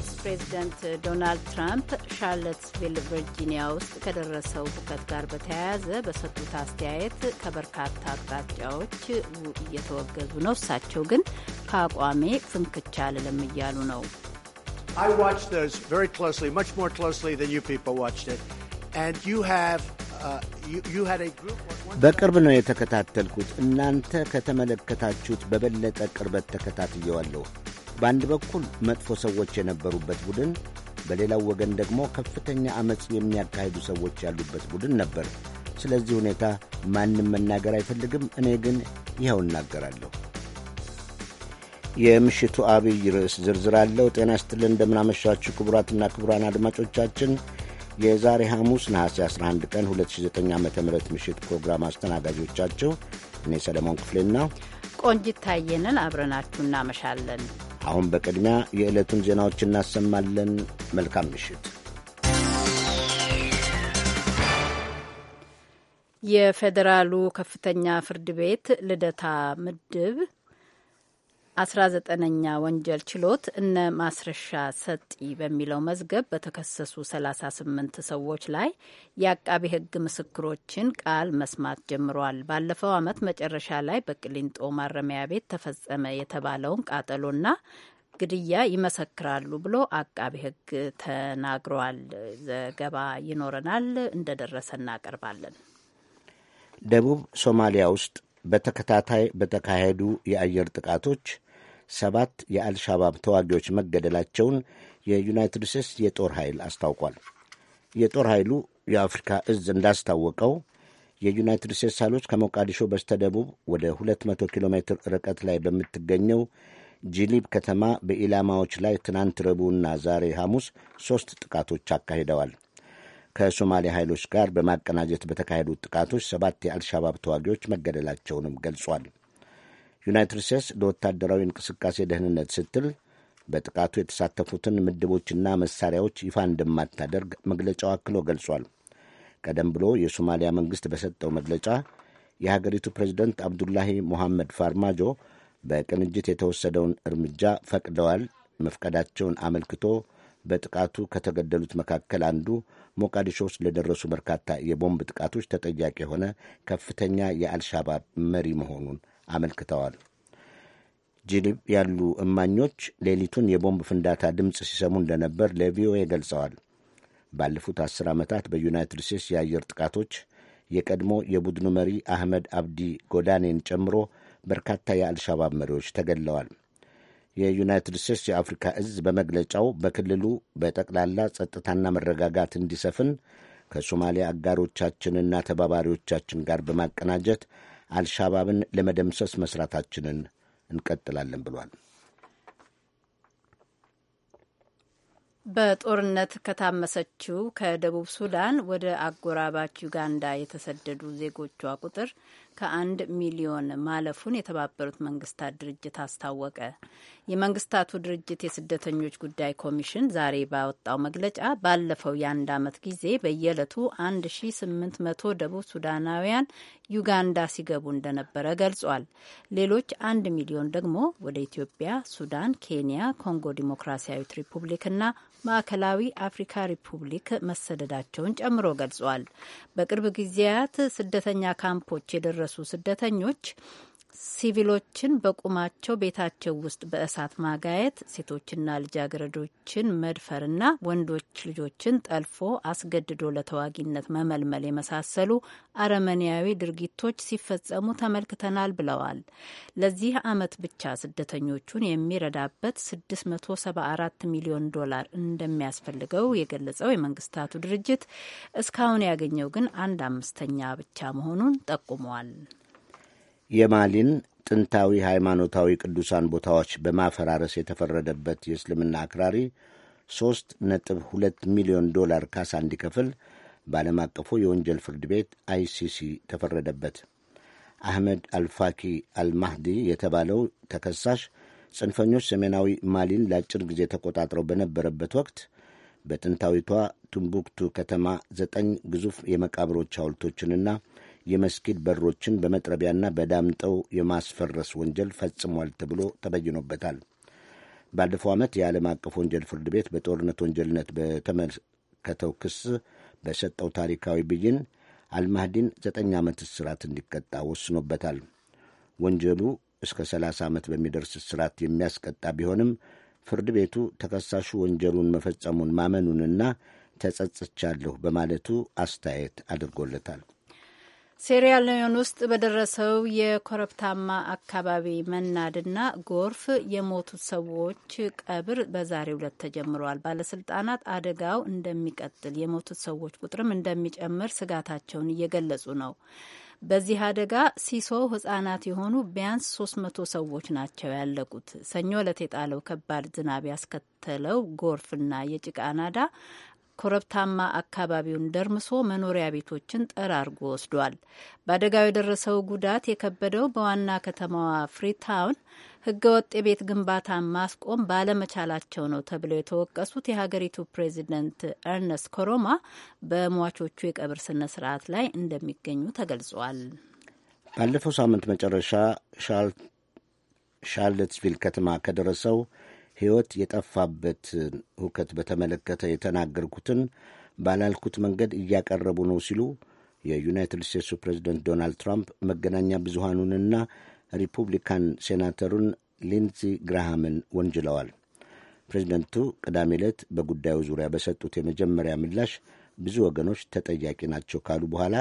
ስቴትስ ፕሬዚደንት ዶናልድ ትራምፕ ሻርለትስቪል ቨርጂኒያ ውስጥ ከደረሰው ሁከት ጋር በተያያዘ በሰጡት አስተያየት ከበርካታ አቅጣጫዎች እየተወገዙ ነው። እሳቸው ግን ከአቋሜ ፍንክቻ አልልም እያሉ ነው። በቅርብ ነው የተከታተልኩት። እናንተ ከተመለከታችሁት በበለጠ ቅርበት ተከታትየዋለሁ። በአንድ በኩል መጥፎ ሰዎች የነበሩበት ቡድን፣ በሌላው ወገን ደግሞ ከፍተኛ ዐመፅ የሚያካሂዱ ሰዎች ያሉበት ቡድን ነበር። ስለዚህ ሁኔታ ማንም መናገር አይፈልግም። እኔ ግን ይኸው እናገራለሁ። የምሽቱ አብይ ርዕስ ዝርዝር አለው። ጤና ስትል እንደምናመሻችሁ ክቡራትና ክቡራን አድማጮቻችን የዛሬ ሐሙስ ነሐሴ 11 ቀን 2009 ዓ ም ምሽት ፕሮግራም አስተናጋጆቻቸው እኔ ሰለሞን ክፍሌና ቆንጂት ታየንን አብረናችሁ እናመሻለን። አሁን በቅድሚያ የዕለቱን ዜናዎች እናሰማለን። መልካም ምሽት። የፌዴራሉ ከፍተኛ ፍርድ ቤት ልደታ ምድብ 19ኛ ወንጀል ችሎት እነ ማስረሻ ሰጢ በሚለው መዝገብ በተከሰሱ 38 ሰዎች ላይ የአቃቢ ሕግ ምስክሮችን ቃል መስማት ጀምሯል። ባለፈው ዓመት መጨረሻ ላይ በቅሊንጦ ማረሚያ ቤት ተፈጸመ የተባለውን ቃጠሎና ግድያ ይመሰክራሉ ብሎ አቃቢ ሕግ ተናግሯል። ዘገባ ይኖረናል፣ እንደደረሰ እናቀርባለን። ደቡብ ሶማሊያ ውስጥ በተከታታይ በተካሄዱ የአየር ጥቃቶች ሰባት የአልሻባብ ተዋጊዎች መገደላቸውን የዩናይትድ ስቴትስ የጦር ኃይል አስታውቋል። የጦር ኃይሉ የአፍሪካ እዝ እንዳስታወቀው የዩናይትድ ስቴትስ ኃይሎች ከሞቃዲሾ በስተደቡብ ወደ 200 ኪሎ ሜትር ርቀት ላይ በምትገኘው ጂሊብ ከተማ በኢላማዎች ላይ ትናንት ረቡዕና ዛሬ ሐሙስ ሦስት ጥቃቶች አካሂደዋል። ከሶማሌ ኃይሎች ጋር በማቀናጀት በተካሄዱት ጥቃቶች ሰባት የአልሻባብ ተዋጊዎች መገደላቸውንም ገልጿል። ዩናይትድ ስቴትስ ለወታደራዊ እንቅስቃሴ ደህንነት ስትል በጥቃቱ የተሳተፉትን ምድቦችና መሳሪያዎች ይፋ እንደማታደርግ መግለጫው አክሎ ገልጿል። ቀደም ብሎ የሶማሊያ መንግሥት በሰጠው መግለጫ የሀገሪቱ ፕሬዚደንት አብዱላሂ ሞሐመድ ፋርማጆ በቅንጅት የተወሰደውን እርምጃ ፈቅደዋል መፍቀዳቸውን አመልክቶ በጥቃቱ ከተገደሉት መካከል አንዱ ሞቃዲሾ ውስጥ ለደረሱ በርካታ የቦምብ ጥቃቶች ተጠያቂ የሆነ ከፍተኛ የአልሻባብ መሪ መሆኑን አመልክተዋል። ጅልብ ያሉ እማኞች ሌሊቱን የቦምብ ፍንዳታ ድምፅ ሲሰሙ እንደነበር ለቪኦኤ ገልጸዋል። ባለፉት አስር ዓመታት በዩናይትድ ስቴትስ የአየር ጥቃቶች የቀድሞ የቡድኑ መሪ አህመድ አብዲ ጎዳኔን ጨምሮ በርካታ የአልሻባብ መሪዎች ተገድለዋል። የዩናይትድ ስቴትስ የአፍሪካ እዝ በመግለጫው በክልሉ በጠቅላላ ጸጥታና መረጋጋት እንዲሰፍን ከሶማሊያ አጋሮቻችንና ተባባሪዎቻችን ጋር በማቀናጀት አልሻባብን ለመደምሰስ መስራታችንን እንቀጥላለን ብሏል። በጦርነት ከታመሰችው ከደቡብ ሱዳን ወደ አጎራባች ዩጋንዳ የተሰደዱ ዜጎቿ ቁጥር ከአንድ ሚሊዮን ማለፉን የተባበሩት መንግስታት ድርጅት አስታወቀ። የመንግስታቱ ድርጅት የስደተኞች ጉዳይ ኮሚሽን ዛሬ ባወጣው መግለጫ ባለፈው የአንድ ዓመት ጊዜ በየዕለቱ 1800 ደቡብ ሱዳናውያን ዩጋንዳ ሲገቡ እንደነበረ ገልጿል። ሌሎች አንድ ሚሊዮን ደግሞ ወደ ኢትዮጵያ፣ ሱዳን፣ ኬንያ፣ ኮንጎ ዲሞክራሲያዊት ሪፑብሊክና ማዕከላዊ አፍሪካ ሪፑብሊክ መሰደዳቸውን ጨምሮ ገልጿል። በቅርብ ጊዜያት ስደተኛ ካምፖች የደረሱ ስደተኞች ሲቪሎችን በቁማቸው ቤታቸው ውስጥ በእሳት ማጋየት፣ ሴቶችና ልጃገረዶችን መድፈርና ወንዶች ልጆችን ጠልፎ አስገድዶ ለተዋጊነት መመልመል የመሳሰሉ አረመኔያዊ ድርጊቶች ሲፈጸሙ ተመልክተናል ብለዋል። ለዚህ ዓመት ብቻ ስደተኞቹን የሚረዳበት 674 ሚሊዮን ዶላር እንደሚያስፈልገው የገለጸው የመንግስታቱ ድርጅት እስካሁን ያገኘው ግን አንድ አምስተኛ ብቻ መሆኑን ጠቁሟል። የማሊን ጥንታዊ ሃይማኖታዊ ቅዱሳን ቦታዎች በማፈራረስ የተፈረደበት የእስልምና አክራሪ ሦስት ነጥብ ሁለት ሚሊዮን ዶላር ካሳ እንዲከፍል በዓለም አቀፉ የወንጀል ፍርድ ቤት አይሲሲ ተፈረደበት። አህመድ አልፋኪ አልማህዲ የተባለው ተከሳሽ ጽንፈኞች ሰሜናዊ ማሊን ለአጭር ጊዜ ተቆጣጥረው በነበረበት ወቅት በጥንታዊቷ ቱምቡክቱ ከተማ ዘጠኝ ግዙፍ የመቃብሮች ሐውልቶችንና የመስጊድ በሮችን በመጥረቢያና በዳምጠው የማስፈረስ ወንጀል ፈጽሟል ተብሎ ተበይኖበታል። ባለፈው ዓመት የዓለም አቀፍ ወንጀል ፍርድ ቤት በጦርነት ወንጀልነት በተመለከተው ክስ በሰጠው ታሪካዊ ብይን አልማህዲን ዘጠኝ ዓመት እስራት እንዲቀጣ ወስኖበታል። ወንጀሉ እስከ 30 ዓመት በሚደርስ እስራት የሚያስቀጣ ቢሆንም ፍርድ ቤቱ ተከሳሹ ወንጀሉን መፈጸሙን ማመኑንና ተጸጽቻለሁ በማለቱ አስተያየት አድርጎለታል። ሴሪያሎን ውስጥ በደረሰው የኮረብታማ አካባቢ መናድና ጎርፍ የሞቱት ሰዎች ቀብር በዛሬው ዕለት ተጀምረዋል። ባለስልጣናት አደጋው እንደሚቀጥል፣ የሞቱት ሰዎች ቁጥርም እንደሚጨምር ስጋታቸውን እየገለጹ ነው። በዚህ አደጋ ሲሶ ህጻናት የሆኑ ቢያንስ 300 ሰዎች ናቸው ያለቁት። ሰኞ ዕለት የጣለው ከባድ ዝናብ ያስከተለው ጎርፍና የጭቃ ናዳ ኮረብታማ አካባቢውን ደርምሶ መኖሪያ ቤቶችን ጠራርጎ ወስዷል። በአደጋው የደረሰው ጉዳት የከበደው በዋና ከተማዋ ፍሪታውን ህገወጥ የቤት ግንባታ ማስቆም ባለመቻላቸው ነው ተብለው የተወቀሱት የሀገሪቱ ፕሬዚደንት ኤርነስት ኮሮማ በሟቾቹ የቀብር ስነ ስርዓት ላይ እንደሚገኙ ተገልጿል። ባለፈው ሳምንት መጨረሻ ሻርለትስቪል ከተማ ከደረሰው ሕይወት የጠፋበትን ሁከት በተመለከተ የተናገርኩትን ባላልኩት መንገድ እያቀረቡ ነው ሲሉ የዩናይትድ ስቴትሱ ፕሬዚደንት ዶናልድ ትራምፕ መገናኛ ብዙሃኑንና ሪፑብሊካን ሴናተሩን ሊንዚ ግራሃምን ወንጅለዋል። ፕሬዚደንቱ ቅዳሜ ዕለት በጉዳዩ ዙሪያ በሰጡት የመጀመሪያ ምላሽ ብዙ ወገኖች ተጠያቂ ናቸው ካሉ በኋላ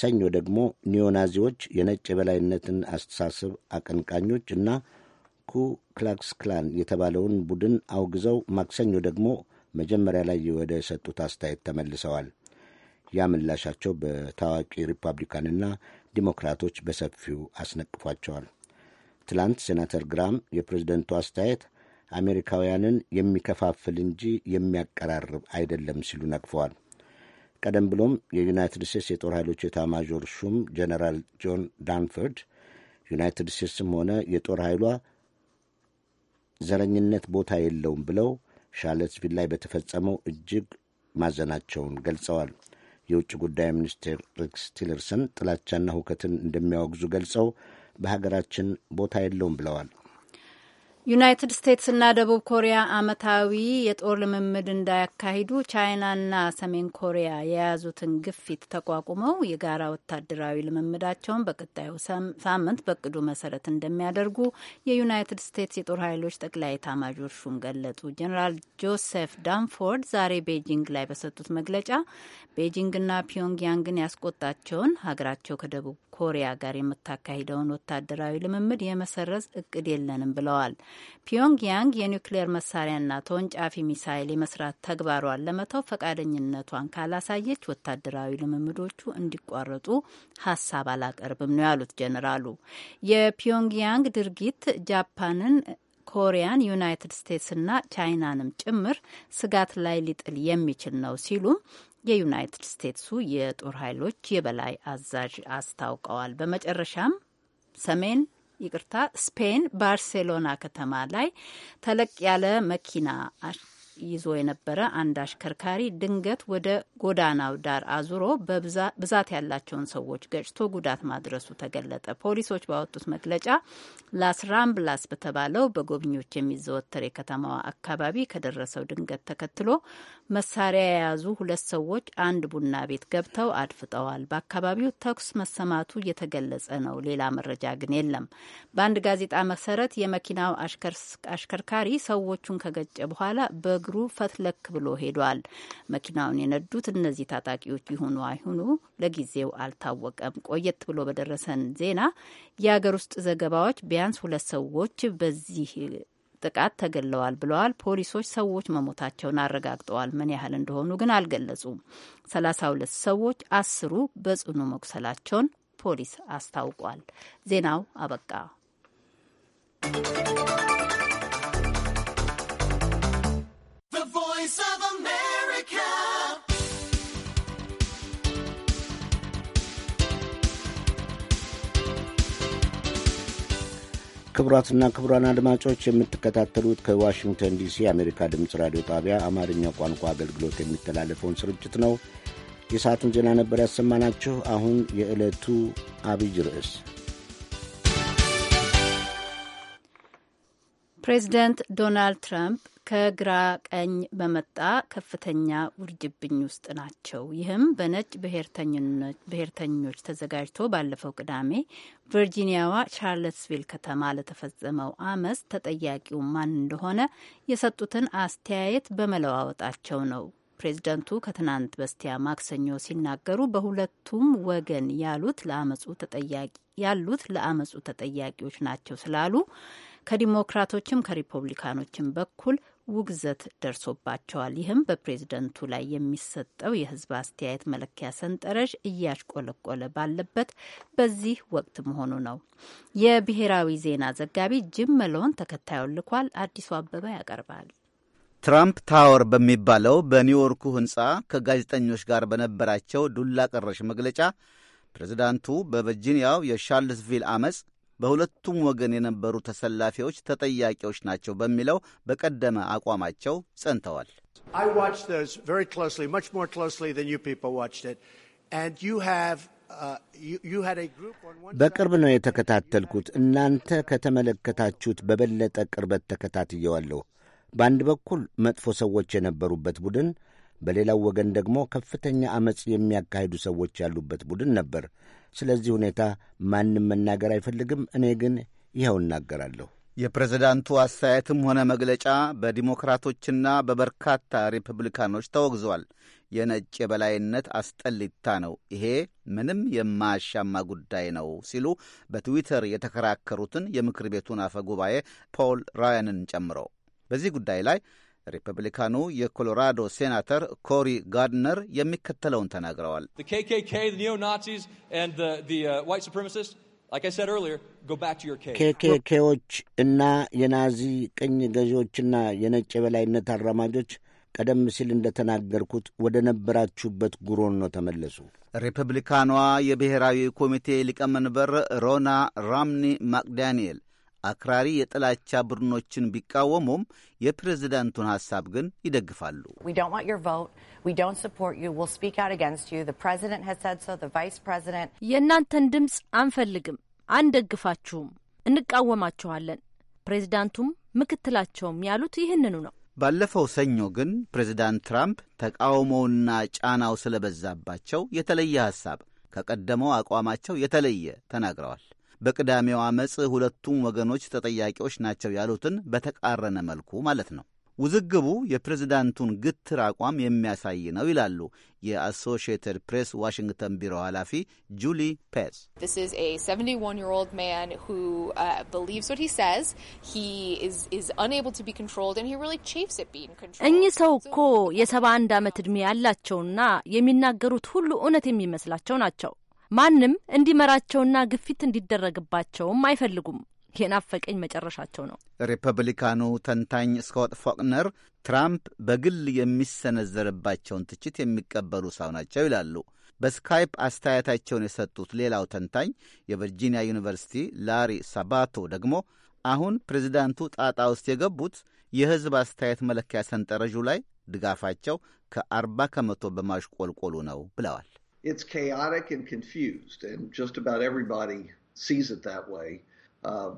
ሰኞ ደግሞ ኒዮናዚዎች፣ የነጭ የበላይነትን አስተሳሰብ አቀንቃኞች እና ክላክስ ክላን የተባለውን ቡድን አውግዘው ማክሰኞ ደግሞ መጀመሪያ ላይ ወደ ሰጡት አስተያየት ተመልሰዋል። ያ ምላሻቸው በታዋቂ ሪፐብሊካንና ዲሞክራቶች በሰፊው አስነቅፏቸዋል። ትላንት ሴናተር ግራም የፕሬዝደንቱ አስተያየት አሜሪካውያንን የሚከፋፍል እንጂ የሚያቀራርብ አይደለም ሲሉ ነቅፈዋል። ቀደም ብሎም የዩናይትድ ስቴትስ የጦር ኃይሎች ኤታማዦር ሹም ጀነራል ጆን ዳንፈርድ ዩናይትድ ስቴትስም ሆነ የጦር ኃይሏ ዘረኝነት ቦታ የለውም ብለው ሻለትስቪል ላይ በተፈጸመው እጅግ ማዘናቸውን ገልጸዋል። የውጭ ጉዳይ ሚኒስትር ሬክስ ቲለርሰን ጥላቻና ሁከትን እንደሚያወግዙ ገልጸው በሀገራችን ቦታ የለውም ብለዋል። ዩናይትድ ስቴትስና ደቡብ ኮሪያ አመታዊ የጦር ልምምድ እንዳያካሂዱ ቻይናና ሰሜን ኮሪያ የያዙትን ግፊት ተቋቁመው የጋራ ወታደራዊ ልምምዳቸውን በቀጣዩ ሳምንት በቅዱ መሰረት እንደሚያደርጉ የዩናይትድ ስቴትስ የጦር ኃይሎች ጠቅላይ ኤታማዦር ሹም ገለጹ። ጀኔራል ጆሴፍ ዳንፎርድ ዛሬ ቤጂንግ ላይ በሰጡት መግለጫ ቤጂንግና ፒዮንግያንግን ያስቆጣቸውን ሀገራቸው ከደቡብ ኮሪያ ጋር የምታካሂደውን ወታደራዊ ልምምድ የመሰረዝ እቅድ የለንም ብለዋል። ፒዮንግያንግ የኒውክሌር መሳሪያና ተወንጫፊ ሚሳይል የመስራት ተግባሯን ለመተው ፈቃደኝነቷን ካላሳየች ወታደራዊ ልምምዶቹ እንዲቋረጡ ሀሳብ አላቀርብም ነው ያሉት ጀኔራሉ። የፒዮንግያንግ ድርጊት ጃፓንን ኮሪያን፣ ዩናይትድ ስቴትስና ቻይናንም ጭምር ስጋት ላይ ሊጥል የሚችል ነው ሲሉም የዩናይትድ ስቴትሱ የጦር ኃይሎች የበላይ አዛዥ አስታውቀዋል። በመጨረሻም ሰሜን ይቅርታ ስፔን ባርሴሎና ከተማ ላይ ተለቅ ያለ መኪና ይዞ የነበረ አንድ አሽከርካሪ ድንገት ወደ ጎዳናው ዳር አዙሮ በብዛት ያላቸውን ሰዎች ገጭቶ ጉዳት ማድረሱ ተገለጠ። ፖሊሶች ባወጡት መግለጫ ላስ ራምብላስ በተባለው በጎብኚዎች የሚዘወተር የከተማዋ አካባቢ ከደረሰው ድንገት ተከትሎ መሳሪያ የያዙ ሁለት ሰዎች አንድ ቡና ቤት ገብተው አድፍጠዋል። በአካባቢው ተኩስ መሰማቱ እየተገለጸ ነው። ሌላ መረጃ ግን የለም። በአንድ ጋዜጣ መሰረት የመኪናው አሽከርካሪ ሰዎቹን ከገጨ በኋላ በግ በእግሩ ፈትለክ ብሎ ሄዷል። መኪናውን የነዱት እነዚህ ታጣቂዎች ይሁኑ አይሁኑ ለጊዜው አልታወቀም። ቆየት ብሎ በደረሰን ዜና የአገር ውስጥ ዘገባዎች ቢያንስ ሁለት ሰዎች በዚህ ጥቃት ተገለዋል ብለዋል። ፖሊሶች ሰዎች መሞታቸውን አረጋግጠዋል። ምን ያህል እንደሆኑ ግን አልገለጹም። ሰላሳ ሁለት ሰዎች አስሩ በጽኑ መቁሰላቸውን ፖሊስ አስታውቋል። ዜናው አበቃ። ክቡራትና ክቡራን አድማጮች የምትከታተሉት ከዋሽንግተን ዲሲ የአሜሪካ ድምፅ ራዲዮ ጣቢያ አማርኛ ቋንቋ አገልግሎት የሚተላለፈውን ስርጭት ነው። የሰዓቱን ዜና ነበር ያሰማናችሁ። አሁን የዕለቱ አብይ ርዕስ ፕሬዚደንት ዶናልድ ትራምፕ ከግራ ቀኝ በመጣ ከፍተኛ ውርጅብኝ ውስጥ ናቸው። ይህም በነጭ ብሔርተኞች ተዘጋጅቶ ባለፈው ቅዳሜ ቨርጂኒያዋ ቻርለትስቪል ከተማ ለተፈጸመው አመፅ ተጠያቂው ማን እንደሆነ የሰጡትን አስተያየት በመለዋወጣቸው ነው። ፕሬዚደንቱ ከትናንት በስቲያ ማክሰኞ ሲናገሩ በሁለቱም ወገን ያሉት ለአመፁ ተጠያቂ ያሉት ለአመፁ ተጠያቂዎች ናቸው ስላሉ ከዲሞክራቶችም ከሪፐብሊካኖችም በኩል ውግዘት ደርሶባቸዋል። ይህም በፕሬዝደንቱ ላይ የሚሰጠው የህዝብ አስተያየት መለኪያ ሰንጠረዥ እያሽቆለቆለ ባለበት በዚህ ወቅት መሆኑ ነው። የብሔራዊ ዜና ዘጋቢ ጂም መሎን ተከታዩን ልኳል። አዲሱ አበባ ያቀርባል። ትራምፕ ታወር በሚባለው በኒውዮርኩ ህንፃ ከጋዜጠኞች ጋር በነበራቸው ዱላ ቀረሽ መግለጫ ፕሬዝዳንቱ በቨርጂኒያው የሻርልስቪል አመፅ በሁለቱም ወገን የነበሩ ተሰላፊዎች ተጠያቂዎች ናቸው በሚለው በቀደመ አቋማቸው ጸንተዋል። uh, በቅርብ ነው የተከታተልኩት። እናንተ ከተመለከታችሁት በበለጠ ቅርበት ተከታትየዋለሁ። በአንድ በኩል መጥፎ ሰዎች የነበሩበት ቡድን፣ በሌላው ወገን ደግሞ ከፍተኛ ዐመፅ የሚያካሂዱ ሰዎች ያሉበት ቡድን ነበር ስለዚህ ሁኔታ ማንም መናገር አይፈልግም። እኔ ግን ይኸው እናገራለሁ። የፕሬዝዳንቱ አስተያየትም ሆነ መግለጫ በዲሞክራቶችና በበርካታ ሪፐብሊካኖች ተወግዟል። የነጭ የበላይነት አስጠሊታ ነው፣ ይሄ ምንም የማያሻማ ጉዳይ ነው ሲሉ በትዊተር የተከራከሩትን የምክር ቤቱን አፈ ጉባኤ ፖል ራያንን ጨምሮ በዚህ ጉዳይ ላይ ሪፐብሊካኑ የኮሎራዶ ሴናተር ኮሪ ጋድነር የሚከተለውን ተናግረዋል። ኬኬኬዎች uh, እና የናዚ ቅኝ ገዢዎችና የነጭ የበላይነት አራማጆች ቀደም ሲል እንደተናገርኩት ወደ ነበራችሁበት ጉሮን ነው ተመለሱ። ሪፐብሊካኗ የብሔራዊ ኮሚቴ ሊቀመንበር ሮና ራምኒ ማክዳኒኤል አክራሪ የጥላቻ ቡድኖችን ቢቃወሙም የፕሬዝዳንቱን ሐሳብ ግን ይደግፋሉ። የእናንተን ድምፅ አንፈልግም፣ አንደግፋችሁም፣ እንቃወማችኋለን። ፕሬዝዳንቱም ምክትላቸውም ያሉት ይህንኑ ነው። ባለፈው ሰኞ ግን ፕሬዝዳንት ትራምፕ ተቃውሞውና ጫናው ስለበዛባቸው የተለየ ሐሳብ ከቀደመው አቋማቸው የተለየ ተናግረዋል። በቅዳሜው አመፅ ሁለቱም ወገኖች ተጠያቂዎች ናቸው ያሉትን በተቃረነ መልኩ ማለት ነው። ውዝግቡ የፕሬዝዳንቱን ግትር አቋም የሚያሳይ ነው ይላሉ የአሶሺየትድ ፕሬስ ዋሽንግተን ቢሮ ኃላፊ ጁሊ ፔስ። uh, እኚህ ሰው እኮ የሰባ አንድ ዓመት ዕድሜ ያላቸውና የሚናገሩት ሁሉ እውነት የሚመስላቸው ናቸው። ማንም እንዲመራቸውና ግፊት እንዲደረግባቸውም አይፈልጉም። ይህን አፈቀኝ መጨረሻቸው ነው። ሪፐብሊካኑ ተንታኝ ስኮት ፎቅነር ትራምፕ በግል የሚሰነዘርባቸውን ትችት የሚቀበሉ ሰው ናቸው ይላሉ። በስካይፕ አስተያየታቸውን የሰጡት ሌላው ተንታኝ የቨርጂኒያ ዩኒቨርሲቲ ላሪ ሳባቶ ደግሞ አሁን ፕሬዚዳንቱ ጣጣ ውስጥ የገቡት የሕዝብ አስተያየት መለኪያ ሰንጠረዡ ላይ ድጋፋቸው ከአርባ ከመቶ በማሽቆልቆሉ ነው ብለዋል። it's chaotic and confused, and just about everybody sees it that way. Uh,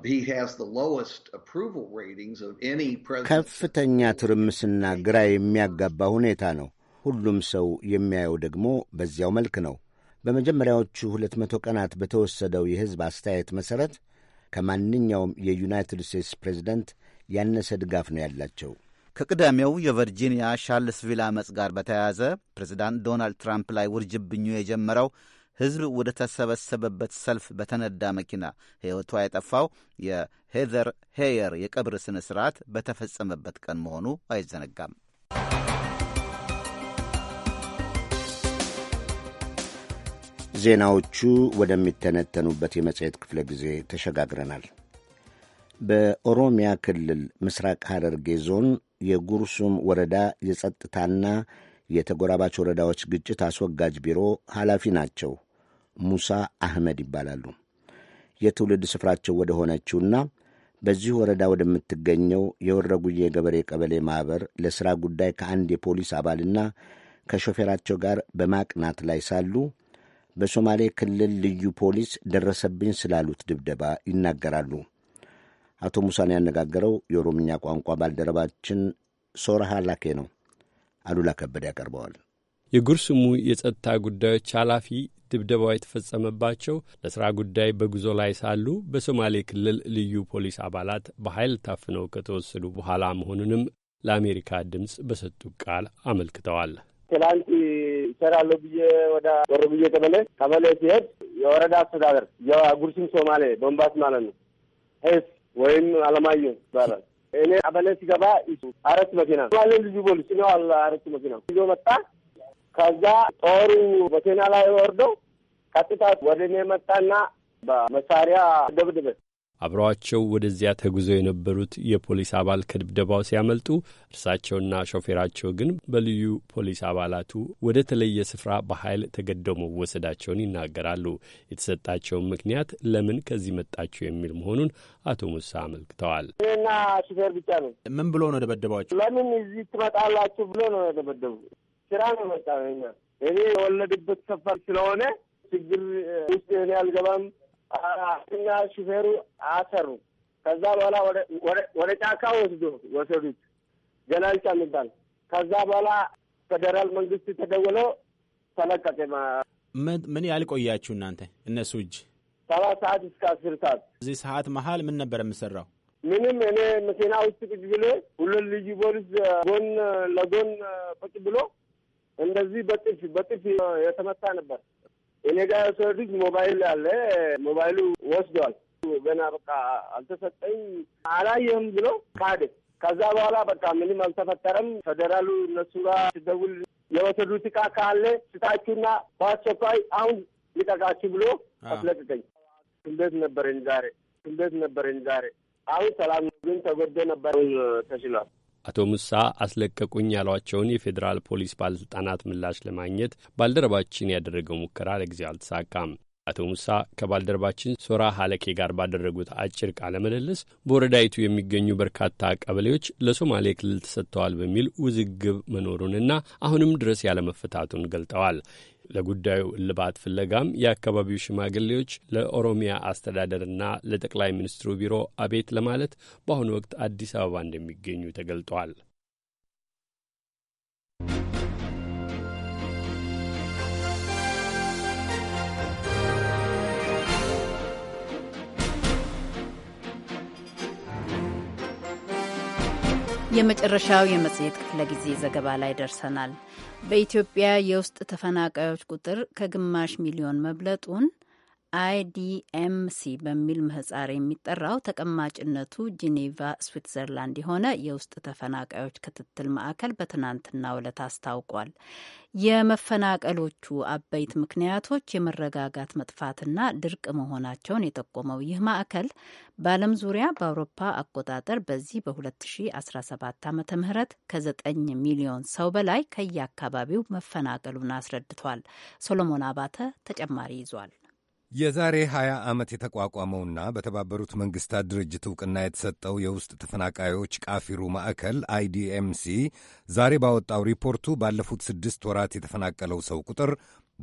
ከፍተኛ ትርምስና ግራ የሚያጋባ ሁኔታ ነው። ሁሉም ሰው የሚያየው ደግሞ በዚያው መልክ ነው። በመጀመሪያዎቹ ሁለት መቶ ቀናት በተወሰደው የሕዝብ አስተያየት መሠረት ከማንኛውም የዩናይትድ ስቴትስ ፕሬዚደንት ያነሰ ድጋፍ ነው ያላቸው። ከቅዳሜው የቨርጂኒያ ሻርልስቪል አመፅ ጋር በተያያዘ ፕሬዚዳንት ዶናልድ ትራምፕ ላይ ውርጅብኙ የጀመረው ሕዝብ ወደ ተሰበሰበበት ሰልፍ በተነዳ መኪና ሕይወቷ የጠፋው የሄዘር ሄየር የቀብር ሥነ ሥርዓት በተፈጸመበት ቀን መሆኑ አይዘነጋም። ዜናዎቹ ወደሚተነተኑበት የመጽሔት ክፍለ ጊዜ ተሸጋግረናል። በኦሮሚያ ክልል ምስራቅ ሐረርጌ ዞን የጉርሱም ወረዳ የጸጥታና የተጎራባች ወረዳዎች ግጭት አስወጋጅ ቢሮ ኃላፊ ናቸው። ሙሳ አህመድ ይባላሉ። የትውልድ ስፍራቸው ወደ ሆነችውና በዚሁ ወረዳ ወደምትገኘው የወረጉዬ ገበሬ ቀበሌ ማኅበር ለሥራ ጉዳይ ከአንድ የፖሊስ አባልና ከሾፌራቸው ጋር በማቅናት ላይ ሳሉ በሶማሌ ክልል ልዩ ፖሊስ ደረሰብኝ ስላሉት ድብደባ ይናገራሉ። አቶ ሙሳን ያነጋገረው የኦሮምኛ ቋንቋ ባልደረባችን ሶረሃ ላኬ ነው። አሉላ ከበደ ያቀርበዋል። የጉርሱሙ የጸጥታ ጉዳዮች ኃላፊ ድብደባው የተፈጸመባቸው ለሥራ ጉዳይ በጉዞ ላይ ሳሉ በሶማሌ ክልል ልዩ ፖሊስ አባላት በኃይል ታፍነው ከተወሰዱ በኋላ መሆኑንም ለአሜሪካ ድምፅ በሰጡት ቃል አመልክተዋል። ትላንት ይሰራለሁ ብዬ ወደ ወሮ ብዬ ቀበሌ ቀበሌ ሲሄድ የወረዳ አስተዳደር የጉርሲም ሶማሌ ቦምባስ ማለት ነው ስ ወይም አለማየሁ ይባላል። እኔ አበሌ ሲገባ አረት መኪና ማለ ልዩ ፖሊስ ነው አለ አራት መኪና ይዞ መጣ። ከዛ ጦሩ መኪና ላይ ወርዶ ቀጥታ ወደ እኔ መጣና በመሳሪያ ደብድበት አብረዋቸው ወደዚያ ተጉዘው የነበሩት የፖሊስ አባል ከድብደባው ሲያመልጡ እርሳቸውና ሾፌራቸው ግን በልዩ ፖሊስ አባላቱ ወደ ተለየ ስፍራ በኃይል ተገደው መወሰዳቸውን ይናገራሉ። የተሰጣቸውን ምክንያት ለምን ከዚህ መጣችሁ የሚል መሆኑን አቶ ሙሳ አመልክተዋል። እኔና ሹፌር ብቻ ነው። ምን ብሎ ነው ደበደባችሁ? ለምን እዚህ ትመጣላችሁ ብሎ ነው ደበደቡ። ስራ ነው መጣ። እኔ የወለድበት ሰፈር ስለሆነ ችግር ውስጥ እኔ አልገባም እና ሹፌሩ አሰሩ። ከዛ በኋላ ወደ ጫካ ወስዶ ወሰዱት፣ ገላልጫ የሚባል ከዛ በኋላ ፌዴራል መንግስት ተደውሎ ተለቀቀ። ምን ያህል ቆያችሁ እናንተ እነሱ እጅ? ሰባት ሰዓት እስከ አስር ሰዓት። እዚህ ሰዓት መሀል ምን ነበር የምሰራው? ምንም እኔ መኪና ውስጥ ቁጭ ብሎ ሁሉን ልዩ ፖሊስ ጎን ለጎን ቁጭ ብሎ እንደዚህ በጥፍ በጥፍ የተመታ ነበር። እኔ ጋር ሞባይል አለ። ሞባይሉ ወስዷል። ገና በቃ አልተሰጠኝ አላየህም ብሎ ካደ። ከዛ በኋላ በቃ ምንም አልተፈጠረም። ፌዴራሉ እነሱ ጋር ሲደውል የወሰዱት እቃ ካለ ስታችሁና በአስቸኳይ አሁን ሊጠቃችሁ ብሎ አስለቅቀኝ። ስንደት ነበረኝ ዛሬ ስንደት ነበረኝ ዛሬ አሁን ሰላም ግን ተጎደ ነበር ተችሏል። አቶ ሙሳ አስለቀቁኝ ያሏቸውን የፌዴራል ፖሊስ ባለሥልጣናት ምላሽ ለማግኘት ባልደረባችን ያደረገው ሙከራ ለጊዜው አልተሳካም። አቶ ሙሳ ከባልደረባችን ሶራ ሀለኬ ጋር ባደረጉት አጭር ቃለ ምልልስ በወረዳይቱ የሚገኙ በርካታ ቀበሌዎች ለሶማሌ ክልል ተሰጥተዋል በሚል ውዝግብ መኖሩንና አሁንም ድረስ ያለመፈታቱን ገልጠዋል። ለጉዳዩ እልባት ፍለጋም የአካባቢው ሽማግሌዎች ለኦሮሚያ አስተዳደርና ለጠቅላይ ሚኒስትሩ ቢሮ አቤት ለማለት በአሁኑ ወቅት አዲስ አበባ እንደሚገኙ ተገልጧል። የመጨረሻው የመጽሔት ክፍለ ጊዜ ዘገባ ላይ ደርሰናል። በኢትዮጵያ የውስጥ ተፈናቃዮች ቁጥር ከግማሽ ሚሊዮን መብለጡን አይዲኤምሲ በሚል ምህጻር የሚጠራው ተቀማጭነቱ ጂኔቫ ስዊትዘርላንድ የሆነ የውስጥ ተፈናቃዮች ክትትል ማዕከል በትናንትናው ዕለት አስታውቋል። የመፈናቀሎቹ አበይት ምክንያቶች የመረጋጋት መጥፋትና ድርቅ መሆናቸውን የጠቆመው ይህ ማዕከል በዓለም ዙሪያ በአውሮፓ አቆጣጠር በዚህ በ2017 ዓ ም ከ9 ሚሊዮን ሰው በላይ ከየአካባቢው መፈናቀሉን አስረድቷል። ሶሎሞን አባተ ተጨማሪ ይዟል። የዛሬ 20 ዓመት የተቋቋመውና በተባበሩት መንግስታት ድርጅት ዕውቅና የተሰጠው የውስጥ ተፈናቃዮች ቃፊሩ ማዕከል አይዲኤምሲ ዛሬ ባወጣው ሪፖርቱ ባለፉት ስድስት ወራት የተፈናቀለው ሰው ቁጥር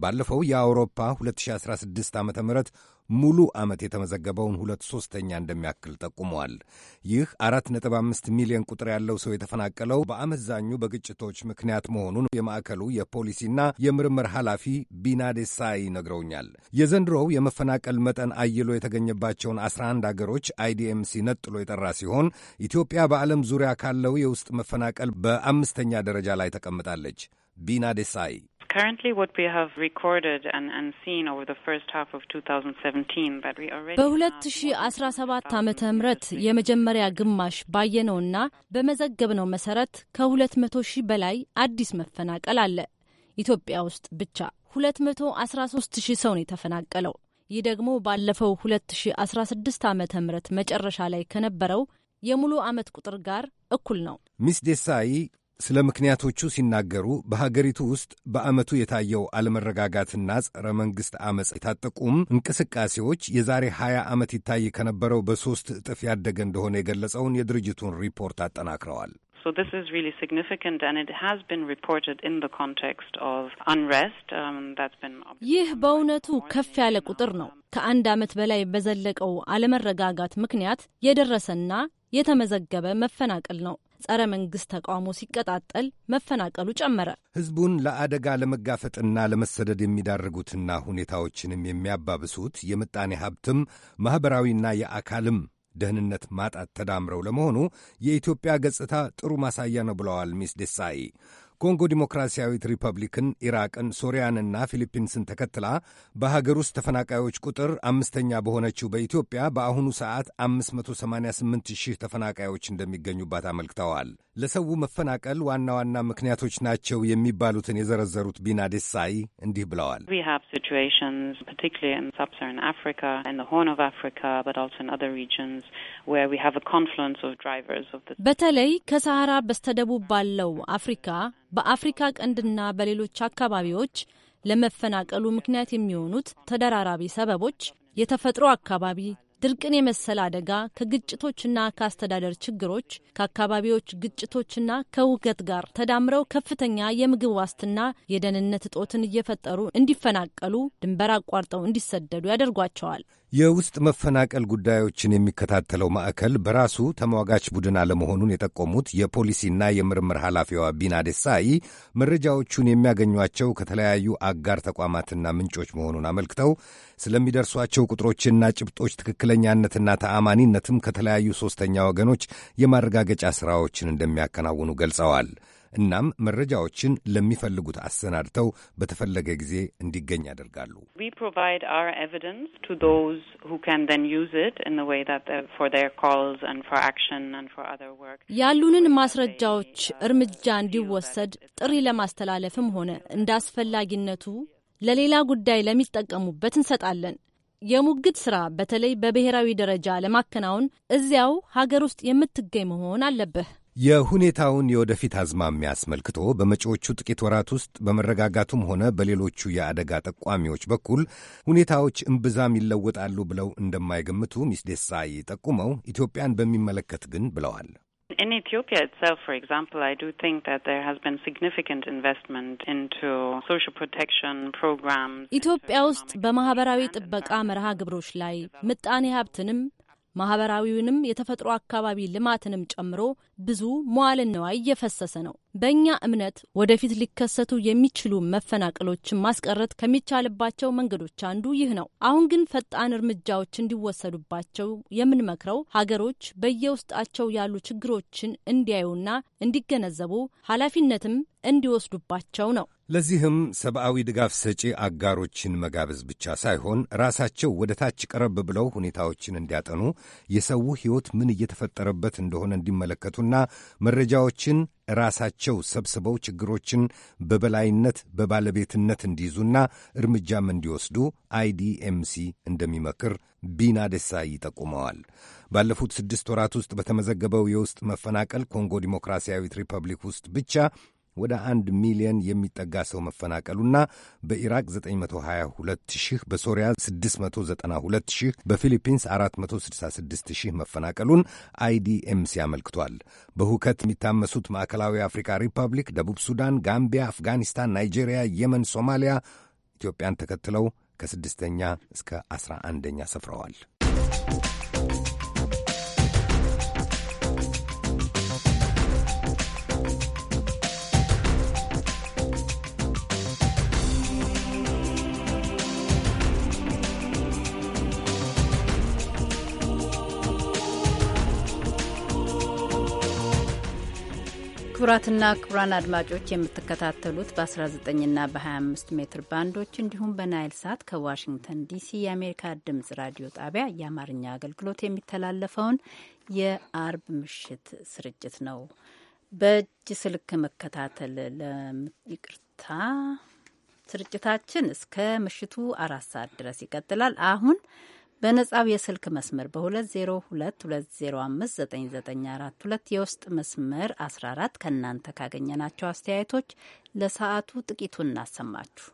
ባለፈው የአውሮፓ 2016 ዓ ም ሙሉ ዓመት የተመዘገበውን ሁለት ሦስተኛ እንደሚያክል ጠቁመዋል። ይህ 4.5 ሚሊዮን ቁጥር ያለው ሰው የተፈናቀለው በአመዛኙ በግጭቶች ምክንያት መሆኑን የማዕከሉ የፖሊሲና የምርምር ኃላፊ ቢና ነግረውኛል። የዘንድሮው የመፈናቀል መጠን አይሎ የተገኘባቸውን 11 አገሮች አይዲኤምሲ ነጥሎ የጠራ ሲሆን ኢትዮጵያ በዓለም ዙሪያ ካለው የውስጥ መፈናቀል በአምስተኛ ደረጃ ላይ ተቀምጣለች። ቢና በ2017 ዓመተ ምህረት የመጀመሪያ ግማሽ ባየነውና በመዘገብነው መሰረት ከ200 ሺህ በላይ አዲስ መፈናቀል አለ። ኢትዮጵያ ውስጥ ብቻ 213 ሺህ ሰው ነው የተፈናቀለው። ይህ ደግሞ ባለፈው 2016 ዓመተ ም መጨረሻ ላይ ከነበረው የሙሉ ዓመት ቁጥር ጋር እኩል ነው። ሚስ ዴሳይ ስለ ምክንያቶቹ ሲናገሩ በሀገሪቱ ውስጥ በዓመቱ የታየው አለመረጋጋትና ጸረ መንግሥት ዓመፅ የታጠቁም እንቅስቃሴዎች የዛሬ 20 ዓመት ይታይ ከነበረው በሦስት እጥፍ ያደገ እንደሆነ የገለጸውን የድርጅቱን ሪፖርት አጠናክረዋል። ይህ በእውነቱ ከፍ ያለ ቁጥር ነው። ከአንድ ዓመት በላይ በዘለቀው አለመረጋጋት ምክንያት የደረሰና የተመዘገበ መፈናቀል ነው። ጸረ መንግስት ተቃውሞ ሲቀጣጠል መፈናቀሉ ጨመረ። ህዝቡን ለአደጋ ለመጋፈጥና ለመሰደድ የሚዳርጉትና ሁኔታዎችንም የሚያባብሱት የምጣኔ ሀብትም ማኅበራዊና የአካልም ደህንነት ማጣት ተዳምረው ለመሆኑ የኢትዮጵያ ገጽታ ጥሩ ማሳያ ነው ብለዋል ሚስ ዴሳይ። ኮንጎ ዲሞክራሲያዊት ሪፐብሊክን፣ ኢራቅን፣ ሶሪያንና ፊሊፒንስን ተከትላ በሀገር ውስጥ ተፈናቃዮች ቁጥር አምስተኛ በሆነችው በኢትዮጵያ በአሁኑ ሰዓት 588 ሺህ ተፈናቃዮች እንደሚገኙባት አመልክተዋል። ለሰው መፈናቀል ዋና ዋና ምክንያቶች ናቸው የሚባሉትን የዘረዘሩት ቢና ዴሳይ እንዲህ ብለዋል። በተለይ ከሰሃራ በስተደቡብ ባለው አፍሪካ፣ በአፍሪካ ቀንድና በሌሎች አካባቢዎች ለመፈናቀሉ ምክንያት የሚሆኑት ተደራራቢ ሰበቦች የተፈጥሮ አካባቢ ድርቅን የመሰለ አደጋ ከግጭቶችና ከአስተዳደር ችግሮች፣ ከአካባቢዎች ግጭቶችና ከውገት ጋር ተዳምረው ከፍተኛ የምግብ ዋስትና፣ የደህንነት እጦትን እየፈጠሩ እንዲፈናቀሉ፣ ድንበር አቋርጠው እንዲሰደዱ ያደርጓቸዋል። የውስጥ መፈናቀል ጉዳዮችን የሚከታተለው ማዕከል በራሱ ተሟጋች ቡድን አለመሆኑን የጠቆሙት የፖሊሲና የምርምር ኃላፊዋ ቢና ደሳይ መረጃዎቹን የሚያገኟቸው ከተለያዩ አጋር ተቋማትና ምንጮች መሆኑን አመልክተው ስለሚደርሷቸው ቁጥሮችና ጭብጦች ትክክል ትክክለኛነትና ተአማኒነትም ከተለያዩ ሦስተኛ ወገኖች የማረጋገጫ ሥራዎችን እንደሚያከናውኑ ገልጸዋል። እናም መረጃዎችን ለሚፈልጉት አሰናድተው በተፈለገ ጊዜ እንዲገኝ ያደርጋሉ። ያሉንን ማስረጃዎች እርምጃ እንዲወሰድ ጥሪ ለማስተላለፍም ሆነ እንደ አስፈላጊነቱ ለሌላ ጉዳይ ለሚጠቀሙበት እንሰጣለን። የሙግት ስራ በተለይ በብሔራዊ ደረጃ ለማከናወን እዚያው ሀገር ውስጥ የምትገኝ መሆን አለብህ። የሁኔታውን የወደፊት አዝማሚያ አስመልክቶ በመጪዎቹ ጥቂት ወራት ውስጥ በመረጋጋቱም ሆነ በሌሎቹ የአደጋ ጠቋሚዎች በኩል ሁኔታዎች እምብዛም ይለወጣሉ ብለው እንደማይገምቱ ሚስ ደሳይ ጠቁመው ኢትዮጵያን በሚመለከት ግን ብለዋል። In Ethiopia itself, for example, I do think that there has been significant investment into social protection programs. ኢትዮጵያ ውስጥ በማህበራዊ ጥበቃ መርሃ ግብሮች ላይ ምጣኔ ሀብትንም ማህበራዊውንም የተፈጥሮ አካባቢ ልማትንም ጨምሮ ብዙ መዋዕለ ንዋይ እየፈሰሰ ነው። በእኛ እምነት ወደፊት ሊከሰቱ የሚችሉ መፈናቀሎችን ማስቀረት ከሚቻልባቸው መንገዶች አንዱ ይህ ነው። አሁን ግን ፈጣን እርምጃዎች እንዲወሰዱባቸው የምንመክረው ሀገሮች በየውስጣቸው ያሉ ችግሮችን እንዲያዩና እንዲገነዘቡ ኃላፊነትም እንዲወስዱባቸው ነው። ለዚህም ሰብአዊ ድጋፍ ሰጪ አጋሮችን መጋበዝ ብቻ ሳይሆን ራሳቸው ወደ ታች ቀረብ ብለው ሁኔታዎችን እንዲያጠኑ፣ የሰው ሕይወት ምን እየተፈጠረበት እንደሆነ እንዲመለከቱና መረጃዎችን ራሳቸው ሰብስበው ችግሮችን በበላይነት በባለቤትነት እንዲይዙና እርምጃም እንዲወስዱ አይዲኤምሲ እንደሚመክር ቢና ደሳይ ይጠቁመዋል። ባለፉት ስድስት ወራት ውስጥ በተመዘገበው የውስጥ መፈናቀል ኮንጎ ዲሞክራሲያዊት ሪፐብሊክ ውስጥ ብቻ ወደ አንድ ሚሊዮን የሚጠጋ ሰው መፈናቀሉና በኢራቅ 922 ሺህ፣ በሶሪያ 692 ሺህ፣ በፊሊፒንስ 466 ሺህ መፈናቀሉን አይዲኤምሲ አመልክቷል። በሁከት የሚታመሱት ማዕከላዊ አፍሪካ ሪፐብሊክ፣ ደቡብ ሱዳን፣ ጋምቢያ፣ አፍጋኒስታን፣ ናይጄሪያ፣ የመን፣ ሶማሊያ ኢትዮጵያን ተከትለው ከስድስተኛ እስከ አስራ አንደኛ ሰፍረዋል። ክቡራትና ክቡራን አድማጮች የምትከታተሉት በ19ና በ25 ሜትር ባንዶች እንዲሁም በናይል ሳት ከዋሽንግተን ዲሲ የአሜሪካ ድምጽ ራዲዮ ጣቢያ የአማርኛ አገልግሎት የሚተላለፈውን የአርብ ምሽት ስርጭት ነው። በእጅ ስልክ መከታተል ለይቅርታ፣ ስርጭታችን እስከ ምሽቱ አራት ሰዓት ድረስ ይቀጥላል። አሁን በነጻው የስልክ መስመር በ2022059942 የውስጥ መስመር 14 ከእናንተ ካገኘናቸው አስተያየቶች ለሰዓቱ ጥቂቱን እናሰማችሁ።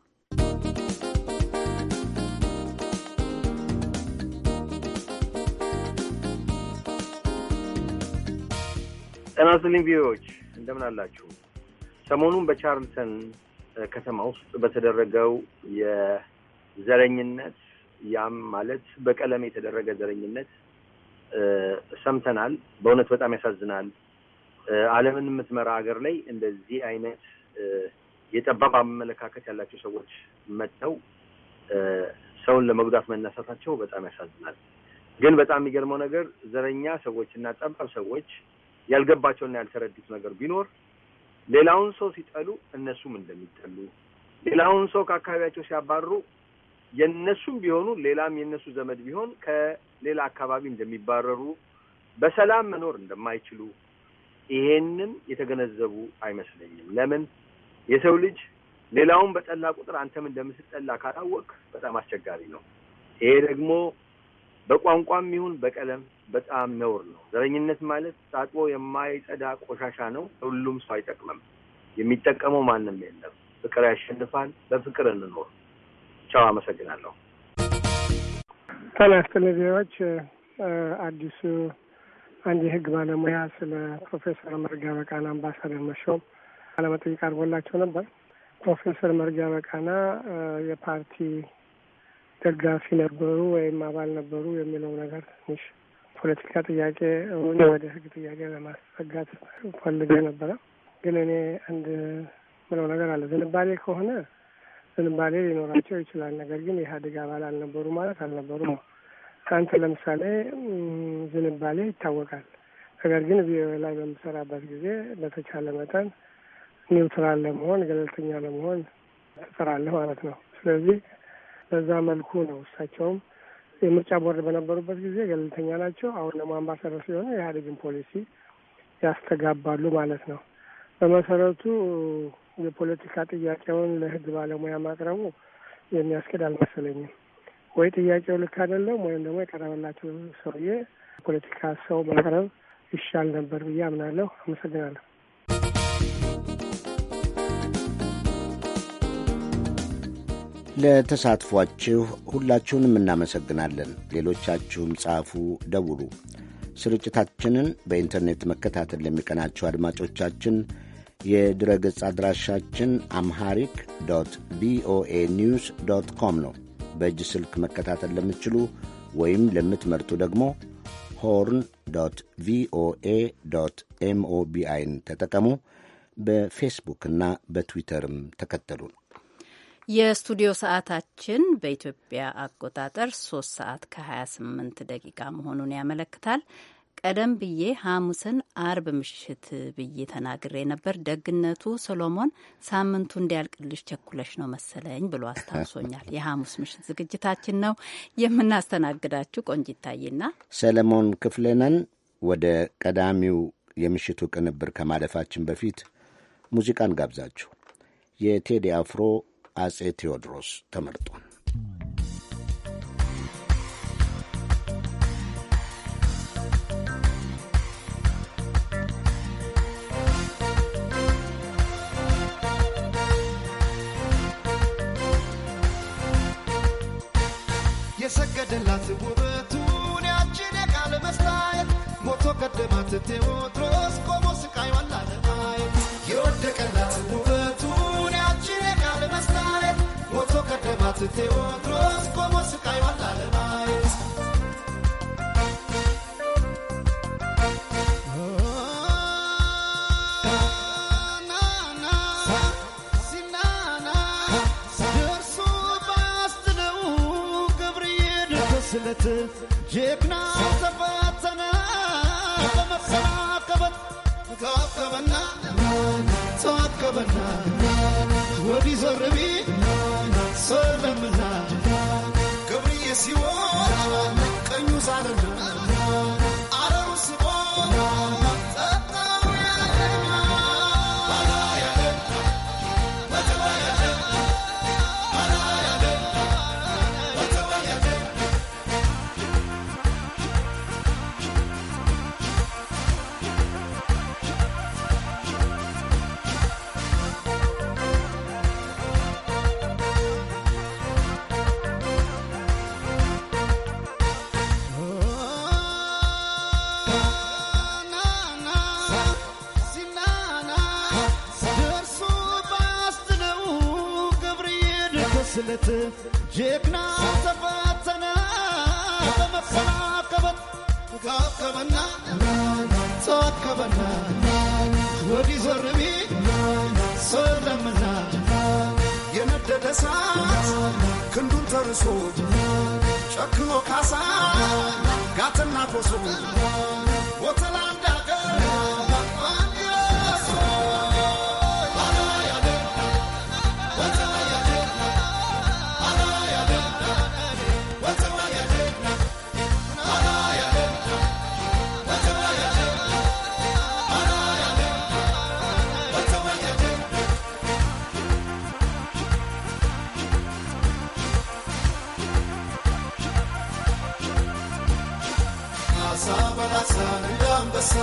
ጤና ይስጥልኝ ቪኦኤዎች፣ እንደምን አላችሁ? ሰሞኑን በቻርልተን ከተማ ውስጥ በተደረገው የዘረኝነት ያም ማለት በቀለም የተደረገ ዘረኝነት ሰምተናል። በእውነት በጣም ያሳዝናል። ዓለምን የምትመራ ሀገር ላይ እንደዚህ አይነት የጠባብ አመለካከት ያላቸው ሰዎች መጥተው ሰውን ለመጉዳት መነሳታቸው በጣም ያሳዝናል። ግን በጣም የሚገርመው ነገር ዘረኛ ሰዎች እና ጠባብ ሰዎች ያልገባቸውና ያልተረዱት ነገር ቢኖር ሌላውን ሰው ሲጠሉ እነሱም እንደሚጠሉ፣ ሌላውን ሰው ከአካባቢያቸው ሲያባርሩ የነሱም ቢሆኑ ሌላም የነሱ ዘመድ ቢሆን ከሌላ አካባቢ እንደሚባረሩ በሰላም መኖር እንደማይችሉ ይሄንን የተገነዘቡ አይመስለኝም። ለምን የሰው ልጅ ሌላውን በጠላ ቁጥር አንተም እንደምትጠላ ካላወቅ በጣም አስቸጋሪ ነው። ይሄ ደግሞ በቋንቋም ይሁን በቀለም በጣም ነውር ነው። ዘረኝነት ማለት ታጥቦ የማይጸዳ ቆሻሻ ነው። ሁሉም ሰው አይጠቅምም። የሚጠቀመው ማንም የለም። ፍቅር ያሸንፋል። በፍቅር እንኖር። ቻው፣ አመሰግናለሁ። ተናስተን ዜዎች አዲሱ አንድ የህግ ባለሙያ ስለ ፕሮፌሰር መርጋ በቃና አምባሳደር መሾም ቃለመጠይቅ አድርጎላቸው ነበር። ፕሮፌሰር መርጋ በቃና የፓርቲ ደጋፊ ነበሩ ወይም አባል ነበሩ የሚለው ነገር ትንሽ ፖለቲካ ጥያቄ ሆነ ወደ ህግ ጥያቄ ለማስጠጋት ፈልገ ነበረ። ግን እኔ አንድ ምለው ነገር አለ። ዝንባሌ ከሆነ ዝንባሌ ሊኖራቸው ይችላል። ነገር ግን የኢህአዴግ አባል አልነበሩ ማለት አልነበሩም። አንተ ለምሳሌ ዝንባሌ ይታወቃል። ነገር ግን ቪኦኤ ላይ በምሰራበት ጊዜ በተቻለ መጠን ኒውትራል ለመሆን ገለልተኛ ለመሆን ትጥራለህ ማለት ነው። ስለዚህ በዛ መልኩ ነው እሳቸውም የምርጫ ቦርድ በነበሩበት ጊዜ ገለልተኛ ናቸው። አሁን ደግሞ አምባሳደር ስለሆነ የኢህአዴግን ፖሊሲ ያስተጋባሉ ማለት ነው። በመሰረቱ የፖለቲካ ጥያቄውን ለህግ ባለሙያ ማቅረቡ የሚያስኬድ አልመሰለኝም። ወይ ጥያቄው ልክ አይደለም ወይም ደግሞ የቀረበላቸው ሰውዬ ፖለቲካ ሰው ማቅረብ ይሻል ነበር ብዬ አምናለሁ። አመሰግናለሁ። ለተሳትፏችሁ ሁላችሁንም እናመሰግናለን። ሌሎቻችሁም ጻፉ፣ ደውሉ። ስርጭታችንን በኢንተርኔት መከታተል ለሚቀናቸው አድማጮቻችን የድረገጽ አድራሻችን አምሃሪክ ዶት ቪኦኤ ኒውስ ዶት ኮም ነው። በእጅ ስልክ መከታተል ለምትችሉ ወይም ለምትመርጡ ደግሞ ሆርን ዶት ቪኦኤ ዶት ኤምኦቢአይን ተጠቀሙ። በፌስቡክና በትዊተርም ተከተሉ። የስቱዲዮ ሰዓታችን በኢትዮጵያ አቆጣጠር 3 ሰዓት ከ28 ደቂቃ መሆኑን ያመለክታል። ቀደም ብዬ ሐሙስን አርብ ምሽት ብዬ ተናግሬ ነበር። ደግነቱ ሰሎሞን ሳምንቱ እንዲያልቅልሽ ቸኩለሽ ነው መሰለኝ ብሎ አስታውሶኛል። የሐሙስ ምሽት ዝግጅታችን ነው የምናስተናግዳችሁ ቆንጅ ይታይና ሰለሞን ክፍለነን። ወደ ቀዳሚው የምሽቱ ቅንብር ከማለፋችን በፊት ሙዚቃን ጋብዛችሁ የቴዲ አፍሮ አጼ ቴዎድሮስ ተመርጧል። ውበቱን ያችን የቃለ መስታየት ሞቶ ቀደማት ቴዎድሮስ ቆሞ ስቃይዋን ላለማየት የወደቀላት ውበቱን ያችን የቃለ መስታየት ሞቶ ቀደማት ቴዎድሮስ ቆሞ ስቃይዋን ላለማየት ጀግንነት ጀግና ተፈተነ በመፈናቀበት ተዋከበና ወዲ ዘርቢ ሰለምና ገብርዬ ሲሆን ቀኙ ሳለና ጀግና ተፈተነ በመፈናቀበት ተካከበና ተዋከበና ወዲህ ዞር ቢል ሰለምና የነደደ እሳት ክንዱን ተርሶ ጨክኖ ካሳ ጋትና ኮሶ ቦተላ እንዳገር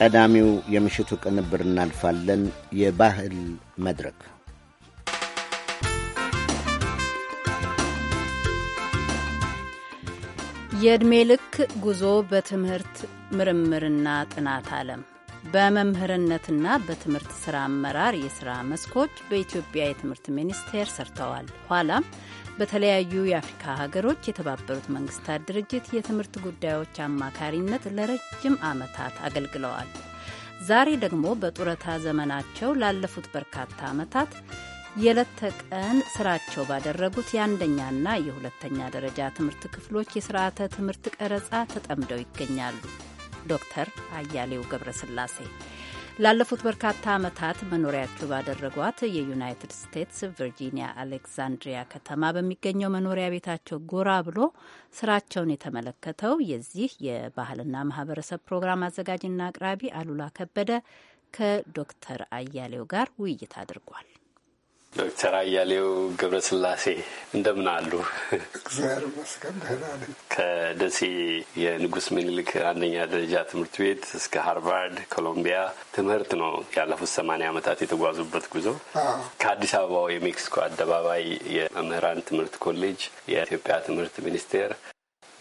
ቀዳሚው የምሽቱ ቅንብር እናልፋለን። የባህል መድረክ የዕድሜ ልክ ጉዞ በትምህርት ምርምርና ጥናት ዓለም በመምህርነትና በትምህርት ስራ አመራር የስራ መስኮች በኢትዮጵያ የትምህርት ሚኒስቴር ሰርተዋል። ኋላም በተለያዩ የአፍሪካ ሀገሮች የተባበሩት መንግስታት ድርጅት የትምህርት ጉዳዮች አማካሪነት ለረጅም ዓመታት አገልግለዋል። ዛሬ ደግሞ በጡረታ ዘመናቸው ላለፉት በርካታ ዓመታት የዕለት ተቀን ስራቸው ባደረጉት የአንደኛና የሁለተኛ ደረጃ ትምህርት ክፍሎች የስርዓተ ትምህርት ቀረጻ ተጠምደው ይገኛሉ። ዶክተር አያሌው ገብረስላሴ ላለፉት በርካታ ዓመታት መኖሪያቸው ባደረጓት የዩናይትድ ስቴትስ ቨርጂኒያ አሌክዛንድሪያ ከተማ በሚገኘው መኖሪያ ቤታቸው ጎራ ብሎ ስራቸውን የተመለከተው የዚህ የባህልና ማህበረሰብ ፕሮግራም አዘጋጅና አቅራቢ አሉላ ከበደ ከዶክተር አያሌው ጋር ውይይት አድርጓል። ዶክተር አያሌው ገብረስላሴ እንደምን አሉ? እግዚአብሔር ይመስገን ደህና ነኝ። ከደሴ የንጉስ ምኒልክ አንደኛ ደረጃ ትምህርት ቤት እስከ ሃርቫርድ ኮሎምቢያ ትምህርት ነው ያለፉት ሰማንያ ዓመታት የተጓዙበት ጉዞ። ከአዲስ አበባው የሜክሲኮ አደባባይ የመምህራን ትምህርት ኮሌጅ የኢትዮጵያ ትምህርት ሚኒስቴር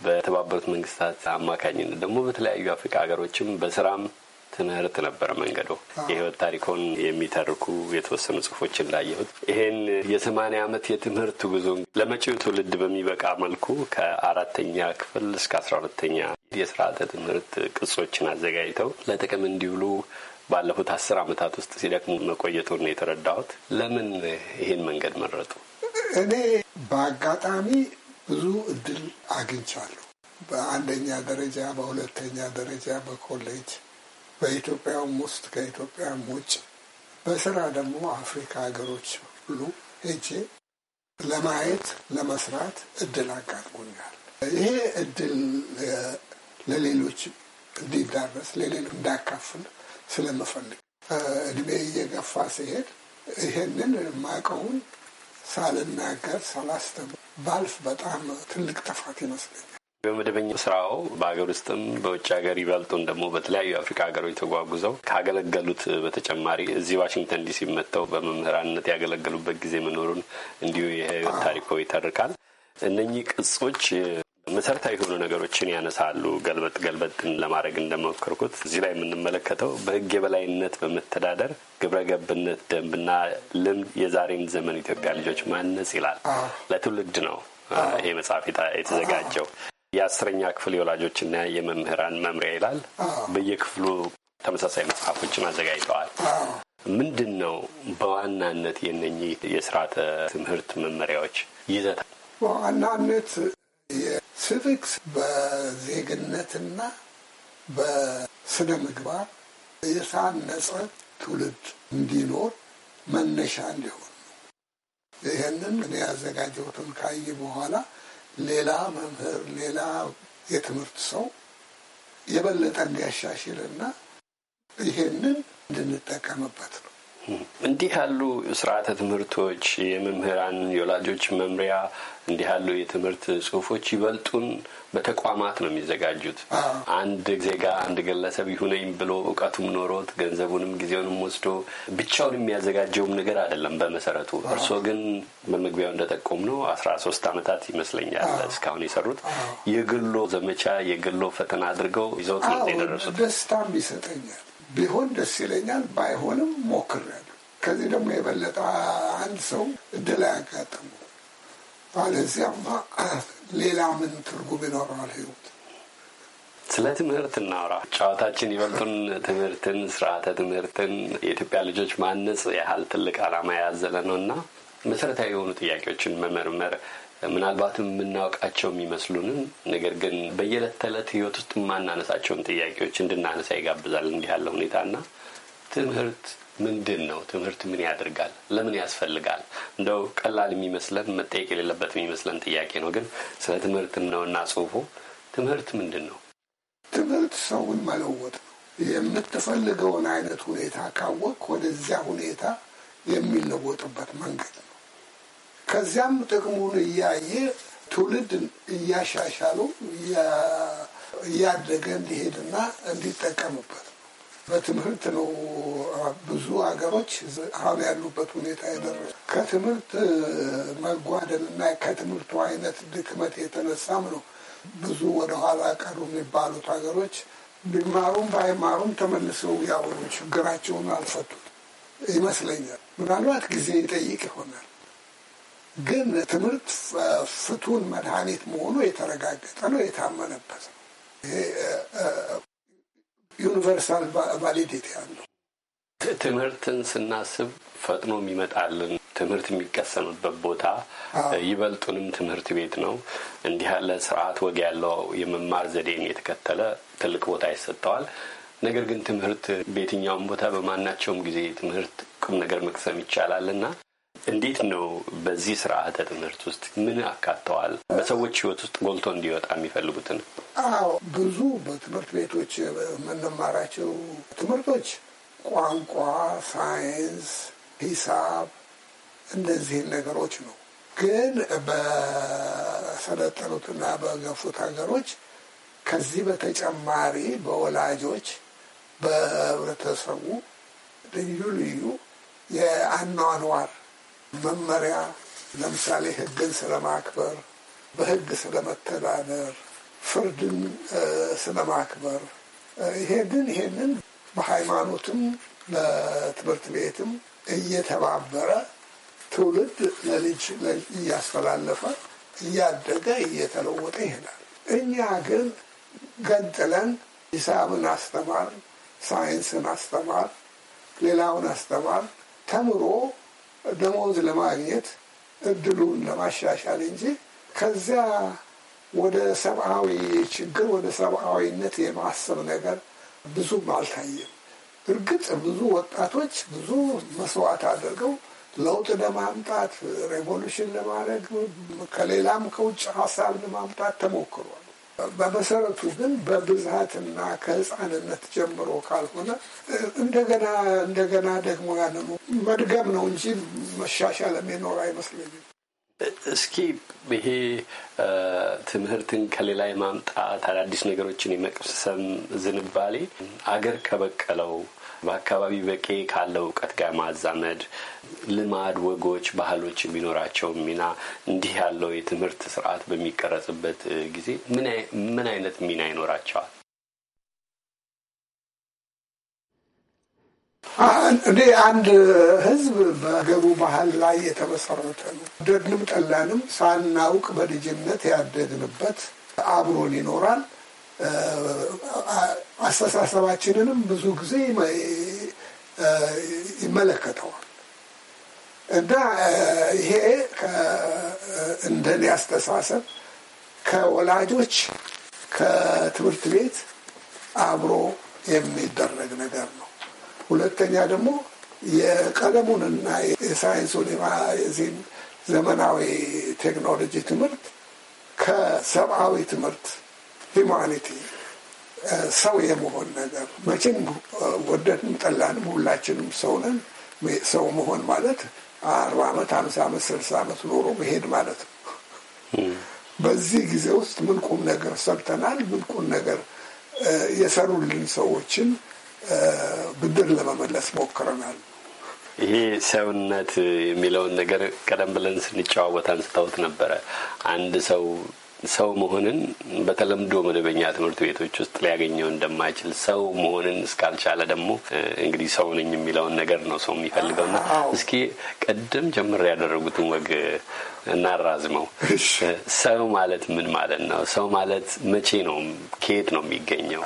በተባበሩት መንግስታት አማካኝነት ደግሞ በተለያዩ አፍሪካ ሀገሮችም በስራም ትምህርት ነበረ መንገዶ። የህይወት ታሪኮን የሚተርኩ የተወሰኑ ጽሁፎችን ላየሁት ይሄን የሰማንያ ዓመት የትምህርት ጉዞ ለመጪው ትውልድ በሚበቃ መልኩ ከአራተኛ ክፍል እስከ አስራ ሁለተኛ የስርዓተ ትምህርት ቅጾችን አዘጋጅተው ለጥቅም እንዲውሉ ባለፉት አስር ዓመታት ውስጥ ሲደክሙ መቆየቱን የተረዳሁት። ለምን ይሄን መንገድ መረጡ? እኔ በአጋጣሚ ብዙ እድል አግኝቻለሁ። በአንደኛ ደረጃ፣ በሁለተኛ ደረጃ፣ በኮሌጅ በኢትዮጵያም ውስጥ ከኢትዮጵያም ውጭ በስራ ደግሞ አፍሪካ ሀገሮች ሁሉ ሄጄ ለማየት ለመስራት እድል አጋጥሞኛል። ይሄ እድል ለሌሎች እንዲዳረስ ለሌሎች እንዳካፍል ስለምፈልግ እድሜ እየገፋ ሲሄድ ይሄንን የማውቀውን ሳልናገር ሳላስተምር ባልፍ በጣም ትልቅ ጥፋት ይመስለኛል። በመደበኛ ስራው በሀገር ውስጥም በውጭ ሀገር ይበልጡን ደግሞ በተለያዩ የአፍሪካ ሀገሮች ተጓጉዘው ካገለገሉት በተጨማሪ እዚህ ዋሽንግተን ዲሲ መጥተው በመምህራንነት ያገለገሉበት ጊዜ መኖሩን እንዲሁ የህይወት ታሪኮ ይተርካል። እነኚህ ቅጾች መሰረታዊ የሆኑ ነገሮችን ያነሳሉ። ገልበጥ ገልበጥን ለማድረግ እንደሞከርኩት እዚህ ላይ የምንመለከተው በህግ የበላይነት በመተዳደር ግብረ ገብነት ደንብና ልምድ የዛሬን ዘመን ኢትዮጵያ ልጆች ማነጽ ይላል። ለትውልድ ነው ይሄ መጽሐፍ የተዘጋጀው። የአስረኛ ክፍል የወላጆችና የመምህራን መምሪያ ይላል። በየክፍሉ ተመሳሳይ መጽሐፎችን አዘጋጅተዋል። ምንድን ነው በዋናነት የነኚህ የስርዓተ ትምህርት መመሪያዎች ይዘት? በዋናነት የሲቪክስ በዜግነትና በስነ ምግባር የታነጸ ትውልድ እንዲኖር መነሻ እንዲሆን ነው። ይህንን እኔ ያዘጋጀሁትን ካየ በኋላ ሌላ መምህር፣ ሌላ የትምህርት ሰው የበለጠ እንዲያሻሽልና ይሄንን እንድንጠቀምበት ነው። እንዲህ ያሉ ስርዓተ ትምህርቶች የመምህራን የወላጆች መምሪያ እንዲህ ያሉ የትምህርት ጽሁፎች ይበልጡን በተቋማት ነው የሚዘጋጁት። አንድ ዜጋ አንድ ግለሰብ ይሁነኝ ብሎ እውቀቱም ኖሮት ገንዘቡንም ጊዜውንም ወስዶ ብቻውን የሚያዘጋጀውም ነገር አይደለም። በመሰረቱ እርስዎ ግን በመግቢያው እንደጠቆም ነው አስራ ሶስት አመታት ይመስለኛል እስካሁን የሰሩት የግሎ ዘመቻ የግሎ ፈተና አድርገው ይዘውት ነው የደረሱት። ደስታም ይሰጠኛል። ቢሆን ደስ ይለኛል፣ ባይሆንም ያሉ ከዚህ ደግሞ የበለጠ አንድ ሰው እድል አያጋጥም አለዚያማ ሌላ ምን ትርጉም ይኖረዋል ህይወት? ስለ ትምህርት እናውራ። ጨዋታችን ይበልጡን ትምህርትን፣ ስርዓተ ትምህርትን፣ የኢትዮጵያ ልጆች ማነጽ ያህል ትልቅ ዓላማ ያዘለ ነው እና መሰረታዊ የሆኑ ጥያቄዎችን መመርመር ምናልባትም የምናውቃቸው የሚመስሉንን ነገር ግን በየዕለት ተዕለት ህይወት ውስጥ የማናነሳቸውን ጥያቄዎች እንድናነሳ ይጋብዛል እንዲህ ያለ ሁኔታ እና ትምህርት ምንድን ነው ትምህርት? ምን ያደርጋል? ለምን ያስፈልጋል? እንደው ቀላል የሚመስለን መጠየቅ የሌለበት የሚመስለን ጥያቄ ነው፣ ግን ስለ ትምህርትም ነው እና ጽሁፉ ትምህርት ምንድን ነው? ትምህርት ሰውን መለወጥ ነው። የምትፈልገውን አይነት ሁኔታ ካወቅ ወደዚያ ሁኔታ የሚለወጥበት መንገድ ነው። ከዚያም ጥቅሙን እያየ ትውልድን እያሻሻሉ እያደገ እንዲሄድና እንዲጠቀምበት በትምህርት ነው ብዙ ሀገሮች አሁን ያሉበት ሁኔታ የደረሱ። ከትምህርት መጓደልና ከትምህርቱ አይነት ድክመት የተነሳም ነው ብዙ ወደኋላ ቀሩ የሚባሉት ሀገሮች ቢማሩም ባይማሩም ተመልሰው ያው ችግራቸውን አልፈቱት ይመስለኛል። ምናልባት ጊዜ ይጠይቅ ይሆናል። ግን ትምህርት ፍቱን መድኃኒት መሆኑ የተረጋገጠ ነው፣ የታመነበት ነው። ይሄ ዩኒቨርሳል ቫሊዲቲ አለው። ትምህርትን ስናስብ ፈጥኖ የሚመጣልን ትምህርት የሚቀሰምበት ቦታ ይበልጡንም ትምህርት ቤት ነው። እንዲህ ያለ ስርዓት ወግ ያለው የመማር ዘዴን የተከተለ ትልቅ ቦታ ይሰጠዋል። ነገር ግን ትምህርት በየትኛውም ቦታ በማናቸውም ጊዜ ትምህርት ቁም ነገር መቅሰም ይቻላል እና እንዴት ነው በዚህ ስርዓተ ትምህርት ውስጥ ምን አካተዋል? በሰዎች ህይወት ውስጥ ጎልቶ እንዲወጣ የሚፈልጉትን? አዎ ብዙ በትምህርት ቤቶች የምንማራቸው ትምህርቶች ቋንቋ፣ ሳይንስ፣ ሂሳብ እንደዚህን ነገሮች ነው። ግን በሰለጠኑትና በገፉት ሀገሮች ከዚህ በተጨማሪ በወላጆች በህብረተሰቡ ልዩ ልዩ የአኗኗር መመሪያ ለምሳሌ ህግን ስለማክበር፣ በህግ ስለመተዳደር፣ ፍርድን ስለማክበር ይሄንን ይሄንን በሃይማኖትም በትምህርት ቤትም እየተባበረ ትውልድ ለልጅ እያስተላለፈ እያደገ እየተለወጠ ይሄዳል። እኛ ግን ገንጥለን ሂሳብን አስተማር፣ ሳይንስን አስተማር፣ ሌላውን አስተማር ተምሮ ደሞዝ ለማግኘት እድሉን ለማሻሻል እንጂ ከዚያ ወደ ሰብአዊ ችግር ወደ ሰብአዊነት የማሰብ ነገር ብዙም አልታየም። እርግጥ ብዙ ወጣቶች ብዙ መስዋዕት አድርገው ለውጥ ለማምጣት ሬቮሉሽን ለማድረግ ከሌላም ከውጭ ሀሳብ ለማምጣት ተሞክሯል። በመሰረቱ ግን በብዛትና ከህፃንነት ጀምሮ ካልሆነ እንደገና እንደገና ደግሞ ያንኑ መድገም ነው እንጂ መሻሻል የኖር አይመስለኝም። እስኪ ይሄ ትምህርትን ከሌላ የማምጣት አዳዲስ ነገሮችን የመቅሰም ዝንባሌ አገር ከበቀለው በአካባቢ በቂ ካለው እውቀት ጋር ማዛመድ፣ ልማድ፣ ወጎች፣ ባህሎች የሚኖራቸው ሚና እንዲህ ያለው የትምህርት ስርዓት በሚቀረጽበት ጊዜ ምን አይነት ሚና ይኖራቸዋል? እንዲህ አንድ ህዝብ በገቡ ባህል ላይ የተመሰረተ ነው። ወደድንም ጠላንም ሳናውቅ በልጅነት ያደግንበት አብሮን ይኖራል። አስተሳሰባችንንም ብዙ ጊዜ ይመለከተዋል እና ይሄ እንደኔ አስተሳሰብ ከወላጆች ከትምህርት ቤት አብሮ የሚደረግ ነገር ነው። ሁለተኛ ደግሞ የቀለሙንና የሳይንሱን የዚህን ዘመናዊ ቴክኖሎጂ ትምህርት ከሰብአዊ ትምህርት ሂማኒቲ ሰው የመሆን ነገር መቼም ወደድም ጠላንም ሁላችንም ሰው ነን። ሰው መሆን ማለት አርባ ዓመት አምሳ ዓመት ስልሳ ዓመት ኖሮ መሄድ ማለት ነው። በዚህ ጊዜ ውስጥ ምን ቁም ነገር ሰርተናል? ምን ቁም ነገር የሰሩልን ሰዎችን ብድር ለመመለስ ሞክረናል? ይሄ ሰውነት የሚለውን ነገር ቀደም ብለን ስንጨዋወት አንስታውት ነበረ። አንድ ሰው ሰው መሆንን በተለምዶ መደበኛ ትምህርት ቤቶች ውስጥ ሊያገኘው እንደማይችል ሰው መሆንን እስካልቻለ ደግሞ እንግዲህ ሰው ነኝ የሚለውን ነገር ነው ሰው የሚፈልገው ና እስኪ ቀደም ጀምር ያደረጉትን ወግ እናራዝመው። ሰው ማለት ምን ማለት ነው? ሰው ማለት መቼ ነው? ከየት ነው የሚገኘው?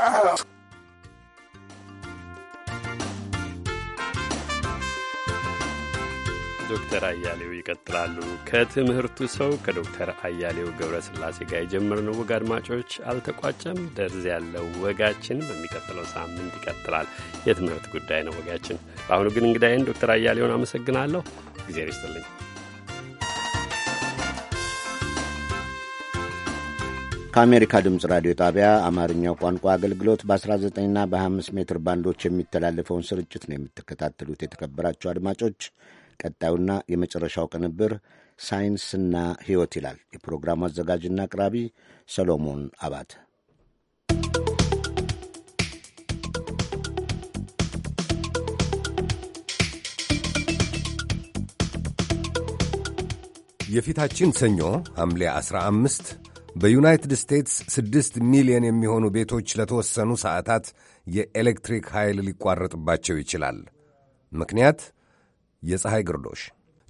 ዶክተር አያሌው ይቀጥላሉ። ከትምህርቱ ሰው ከዶክተር አያሌው ገብረስላሴ ጋር የጀመርነው ወግ አድማጮች አልተቋጨም። ደርዝ ያለው ወጋችን በሚቀጥለው ሳምንት ይቀጥላል። የትምህርት ጉዳይ ነው ወጋችን። በአሁኑ ግን እንግዳይን ዶክተር አያሌውን አመሰግናለሁ። እግዜር ይስጥልኝ። ከአሜሪካ ድምፅ ራዲዮ ጣቢያ አማርኛው ቋንቋ አገልግሎት በ19ና በ 5 ሜትር ባንዶች የሚተላለፈውን ስርጭት ነው የምትከታተሉት። የተከበራቸው አድማጮች ቀጣዩና የመጨረሻው ቅንብር ሳይንስና ሕይወት ይላል። የፕሮግራሙ አዘጋጅና አቅራቢ ሰሎሞን አባት። የፊታችን ሰኞ ሐምሌ 15 በዩናይትድ ስቴትስ ስድስት ሚሊዮን የሚሆኑ ቤቶች ለተወሰኑ ሰዓታት የኤሌክትሪክ ኃይል ሊቋረጥባቸው ይችላል። ምክንያት የፀሐይ ግርዶሽ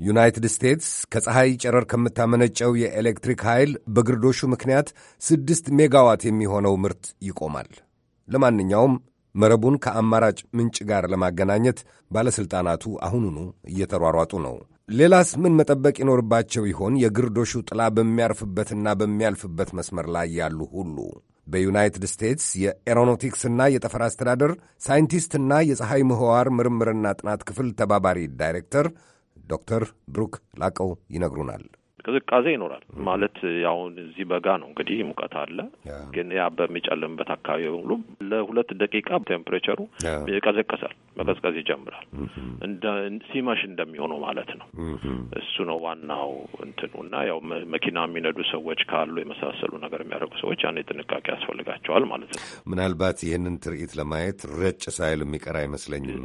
ዩናይትድ ስቴትስ ከፀሐይ ጨረር ከምታመነጨው የኤሌክትሪክ ኃይል በግርዶሹ ምክንያት ስድስት ሜጋዋት የሚሆነው ምርት ይቆማል። ለማንኛውም መረቡን ከአማራጭ ምንጭ ጋር ለማገናኘት ባለሥልጣናቱ አሁኑኑ እየተሯሯጡ ነው። ሌላስ ምን መጠበቅ ይኖርባቸው ይሆን? የግርዶሹ ጥላ በሚያርፍበትና በሚያልፍበት መስመር ላይ ያሉ ሁሉ በዩናይትድ ስቴትስ የኤሮኖቲክስና የጠፈር አስተዳደር ሳይንቲስትና የፀሐይ ምህዋር ምርምርና ጥናት ክፍል ተባባሪ ዳይሬክተር ዶክተር ብሩክ ላቀው ይነግሩናል። ቅዝቃዜ ይኖራል ማለት ያሁን እዚህ በጋ ነው እንግዲህ ሙቀት አለ፣ ግን ያ በሚጨልምበት አካባቢ በሙሉ ለሁለት ደቂቃ ቴምፕሬቸሩ ይቀዘቀሳል፣ መቀዝቀዝ ይጀምራል። ሲመሽ እንደሚሆነው ማለት ነው። እሱ ነው ዋናው እንትኑ እና ያው መኪና የሚነዱ ሰዎች ካሉ የመሳሰሉ ነገር የሚያደርጉ ሰዎች ያኔ ጥንቃቄ ያስፈልጋቸዋል ማለት ነው። ምናልባት ይህንን ትርኢት ለማየት ረጭ ሳይል የሚቀር አይመስለኝም።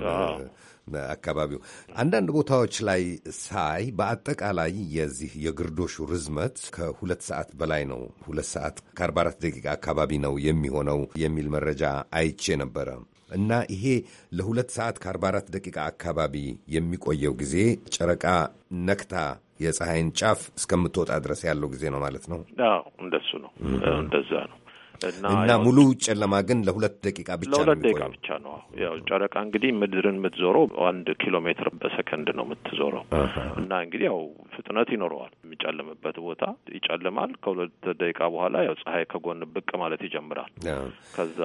አካባቢው አንዳንድ ቦታዎች ላይ ሳይ በአጠቃላይ የዚህ የግርዶሹ ርዝመት ከሁለት ሰዓት በላይ ነው፣ ሁለት ሰዓት ከአርባ አራት ደቂቃ አካባቢ ነው የሚሆነው የሚል መረጃ አይቼ ነበረ። እና ይሄ ለሁለት ሰዓት ከአርባ አራት ደቂቃ አካባቢ የሚቆየው ጊዜ ጨረቃ ነክታ የፀሐይን ጫፍ እስከምትወጣ ድረስ ያለው ጊዜ ነው ማለት ነው። እንደሱ ነው፣ እንደዛ ነው። እና ሙሉ ጨለማ ግን ለሁለት ደቂቃ ብቻ ለሁለት ደቂቃ ብቻ ነው። ያው ጨረቃ እንግዲህ ምድርን የምትዞረው አንድ ኪሎ ሜትር በሰከንድ ነው የምትዞረው እና እንግዲህ ያው ፍጥነት ይኖረዋል። የሚጨልምበት ቦታ ይጨልማል። ከሁለት ደቂቃ በኋላ ያው ፀሐይ ከጎን ብቅ ማለት ይጀምራል። ከዛ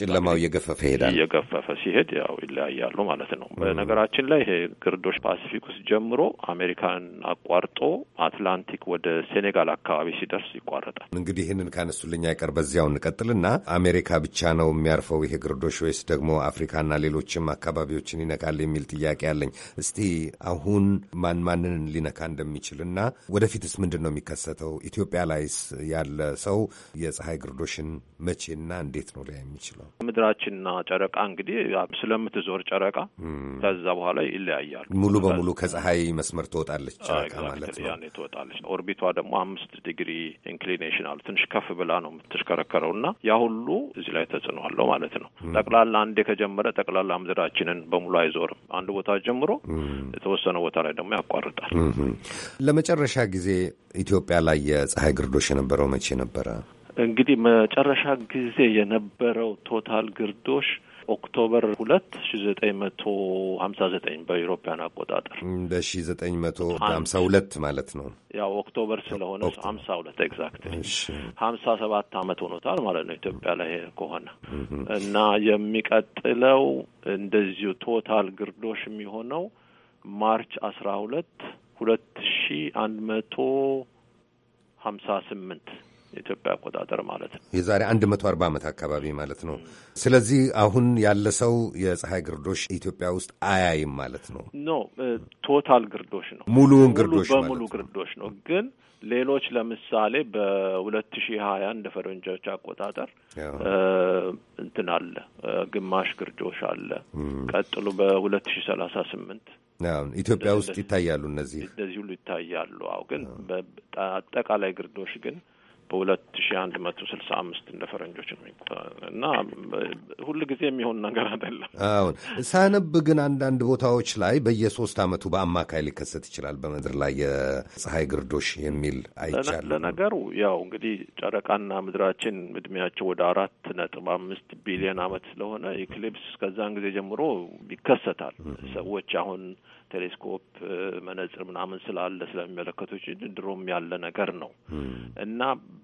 ጨለማው እየገፈፈ ይሄዳል። እየገፈፈ ሲሄድ ያው ይለያያሉ ማለት ነው። በነገራችን ላይ ይሄ ግርዶች ፓሲፊክ ውስጥ ጀምሮ አሜሪካን አቋርጦ አትላንቲክ ወደ ሴኔጋል አካባቢ ሲደርስ ይቋረጣል። እንግዲህ ይህንን ካነሱልኝ አይቀር በዚያ በዚያው እንቀጥልና አሜሪካ ብቻ ነው የሚያርፈው ይሄ ግርዶሽ ወይስ ደግሞ አፍሪካና ሌሎችም አካባቢዎችን ይነካል የሚል ጥያቄ አለኝ። እስቲ አሁን ማን ማንን ሊነካ እንደሚችልና ወደፊትስ ምንድን ነው የሚከሰተው? ኢትዮጵያ ላይስ ያለ ሰው የፀሐይ ግርዶሽን መቼና እንዴት ነው ሊያ የሚችለው? ምድራችንና ጨረቃ እንግዲህ ስለምትዞር ጨረቃ ከዛ በኋላ ይለያያሉ። ሙሉ በሙሉ ከፀሐይ መስመር ትወጣለች ጨረቃ ማለት ነው። ያኔ ትወጣለች። ኦርቢቷ ደግሞ አምስት ዲግሪ ኢንክሊኔሽን አሉ። ትንሽ ከፍ ብላ ነው የምትሽከረ የሚሽከረከረው እና ያ ሁሉ እዚህ ላይ ተጽዕኖ አለው ማለት ነው። ጠቅላላ አንዴ ከጀመረ ጠቅላላ ምድራችንን በሙሉ አይዞርም። አንድ ቦታ ጀምሮ የተወሰነ ቦታ ላይ ደግሞ ያቋርጣል። ለመጨረሻ ጊዜ ኢትዮጵያ ላይ የፀሐይ ግርዶሽ የነበረው መቼ ነበረ? እንግዲህ መጨረሻ ጊዜ የነበረው ቶታል ግርዶሽ ኦክቶበር ሁለት ሺ ዘጠኝ መቶ ሀምሳ ዘጠኝ በኢሮፓያን አቆጣጠር በሺ ዘጠኝ መቶ ሀምሳ ሁለት ማለት ነው። ያው ኦክቶበር ስለሆነ ሀምሳ ሁለት ኤግዛክት ሀምሳ ሰባት አመት ሆኖታል ማለት ነው ኢትዮጵያ ላይ ከሆነ እና የሚቀጥለው እንደዚሁ ቶታል ግርዶሽ የሚሆነው ማርች አስራ ሁለት ሁለት ሺ አንድ መቶ ሀምሳ ስምንት ኢትዮጵያ አቆጣጠር ማለት ነው። የዛሬ አንድ መቶ አርባ ዓመት አካባቢ ማለት ነው። ስለዚህ አሁን ያለ ሰው የፀሐይ ግርዶሽ ኢትዮጵያ ውስጥ አያይም ማለት ነው። ኖ ቶታል ግርዶሽ ነው፣ ሙሉውን ግርዶሽ በሙሉ ግርዶሽ ነው። ግን ሌሎች ለምሳሌ በሁለት ሺህ ሀያ እንደ ፈረንጆች አቆጣጠር እንትን አለ፣ ግማሽ ግርዶሽ አለ። ቀጥሎ በሁለት ሺህ ሰላሳ ስምንት ኢትዮጵያ ውስጥ ይታያሉ እነዚህ እነዚህ ሁሉ ይታያሉ። አሁ ግን አጠቃላይ ግርዶሽ ግን በሁለት ሺ አንድ መቶ ስልሳ አምስት እንደ ፈረንጆች ነው እና ሁል ጊዜ የሚሆን ነገር አይደለም። አሁን ሳነብ ግን አንዳንድ ቦታዎች ላይ በየሶስት አመቱ በአማካይ ሊከሰት ይችላል በምድር ላይ የፀሐይ ግርዶሽ የሚል አይቻል። ለነገሩ ያው እንግዲህ ጨረቃና ምድራችን እድሜያቸው ወደ አራት ነጥብ አምስት ቢሊዮን አመት ስለሆነ ኢክሊፕስ ከዛን ጊዜ ጀምሮ ይከሰታል። ሰዎች አሁን ቴሌስኮፕ፣ መነጽር ምናምን ስላለ ስለሚመለከቶች ድሮም ያለ ነገር ነው እና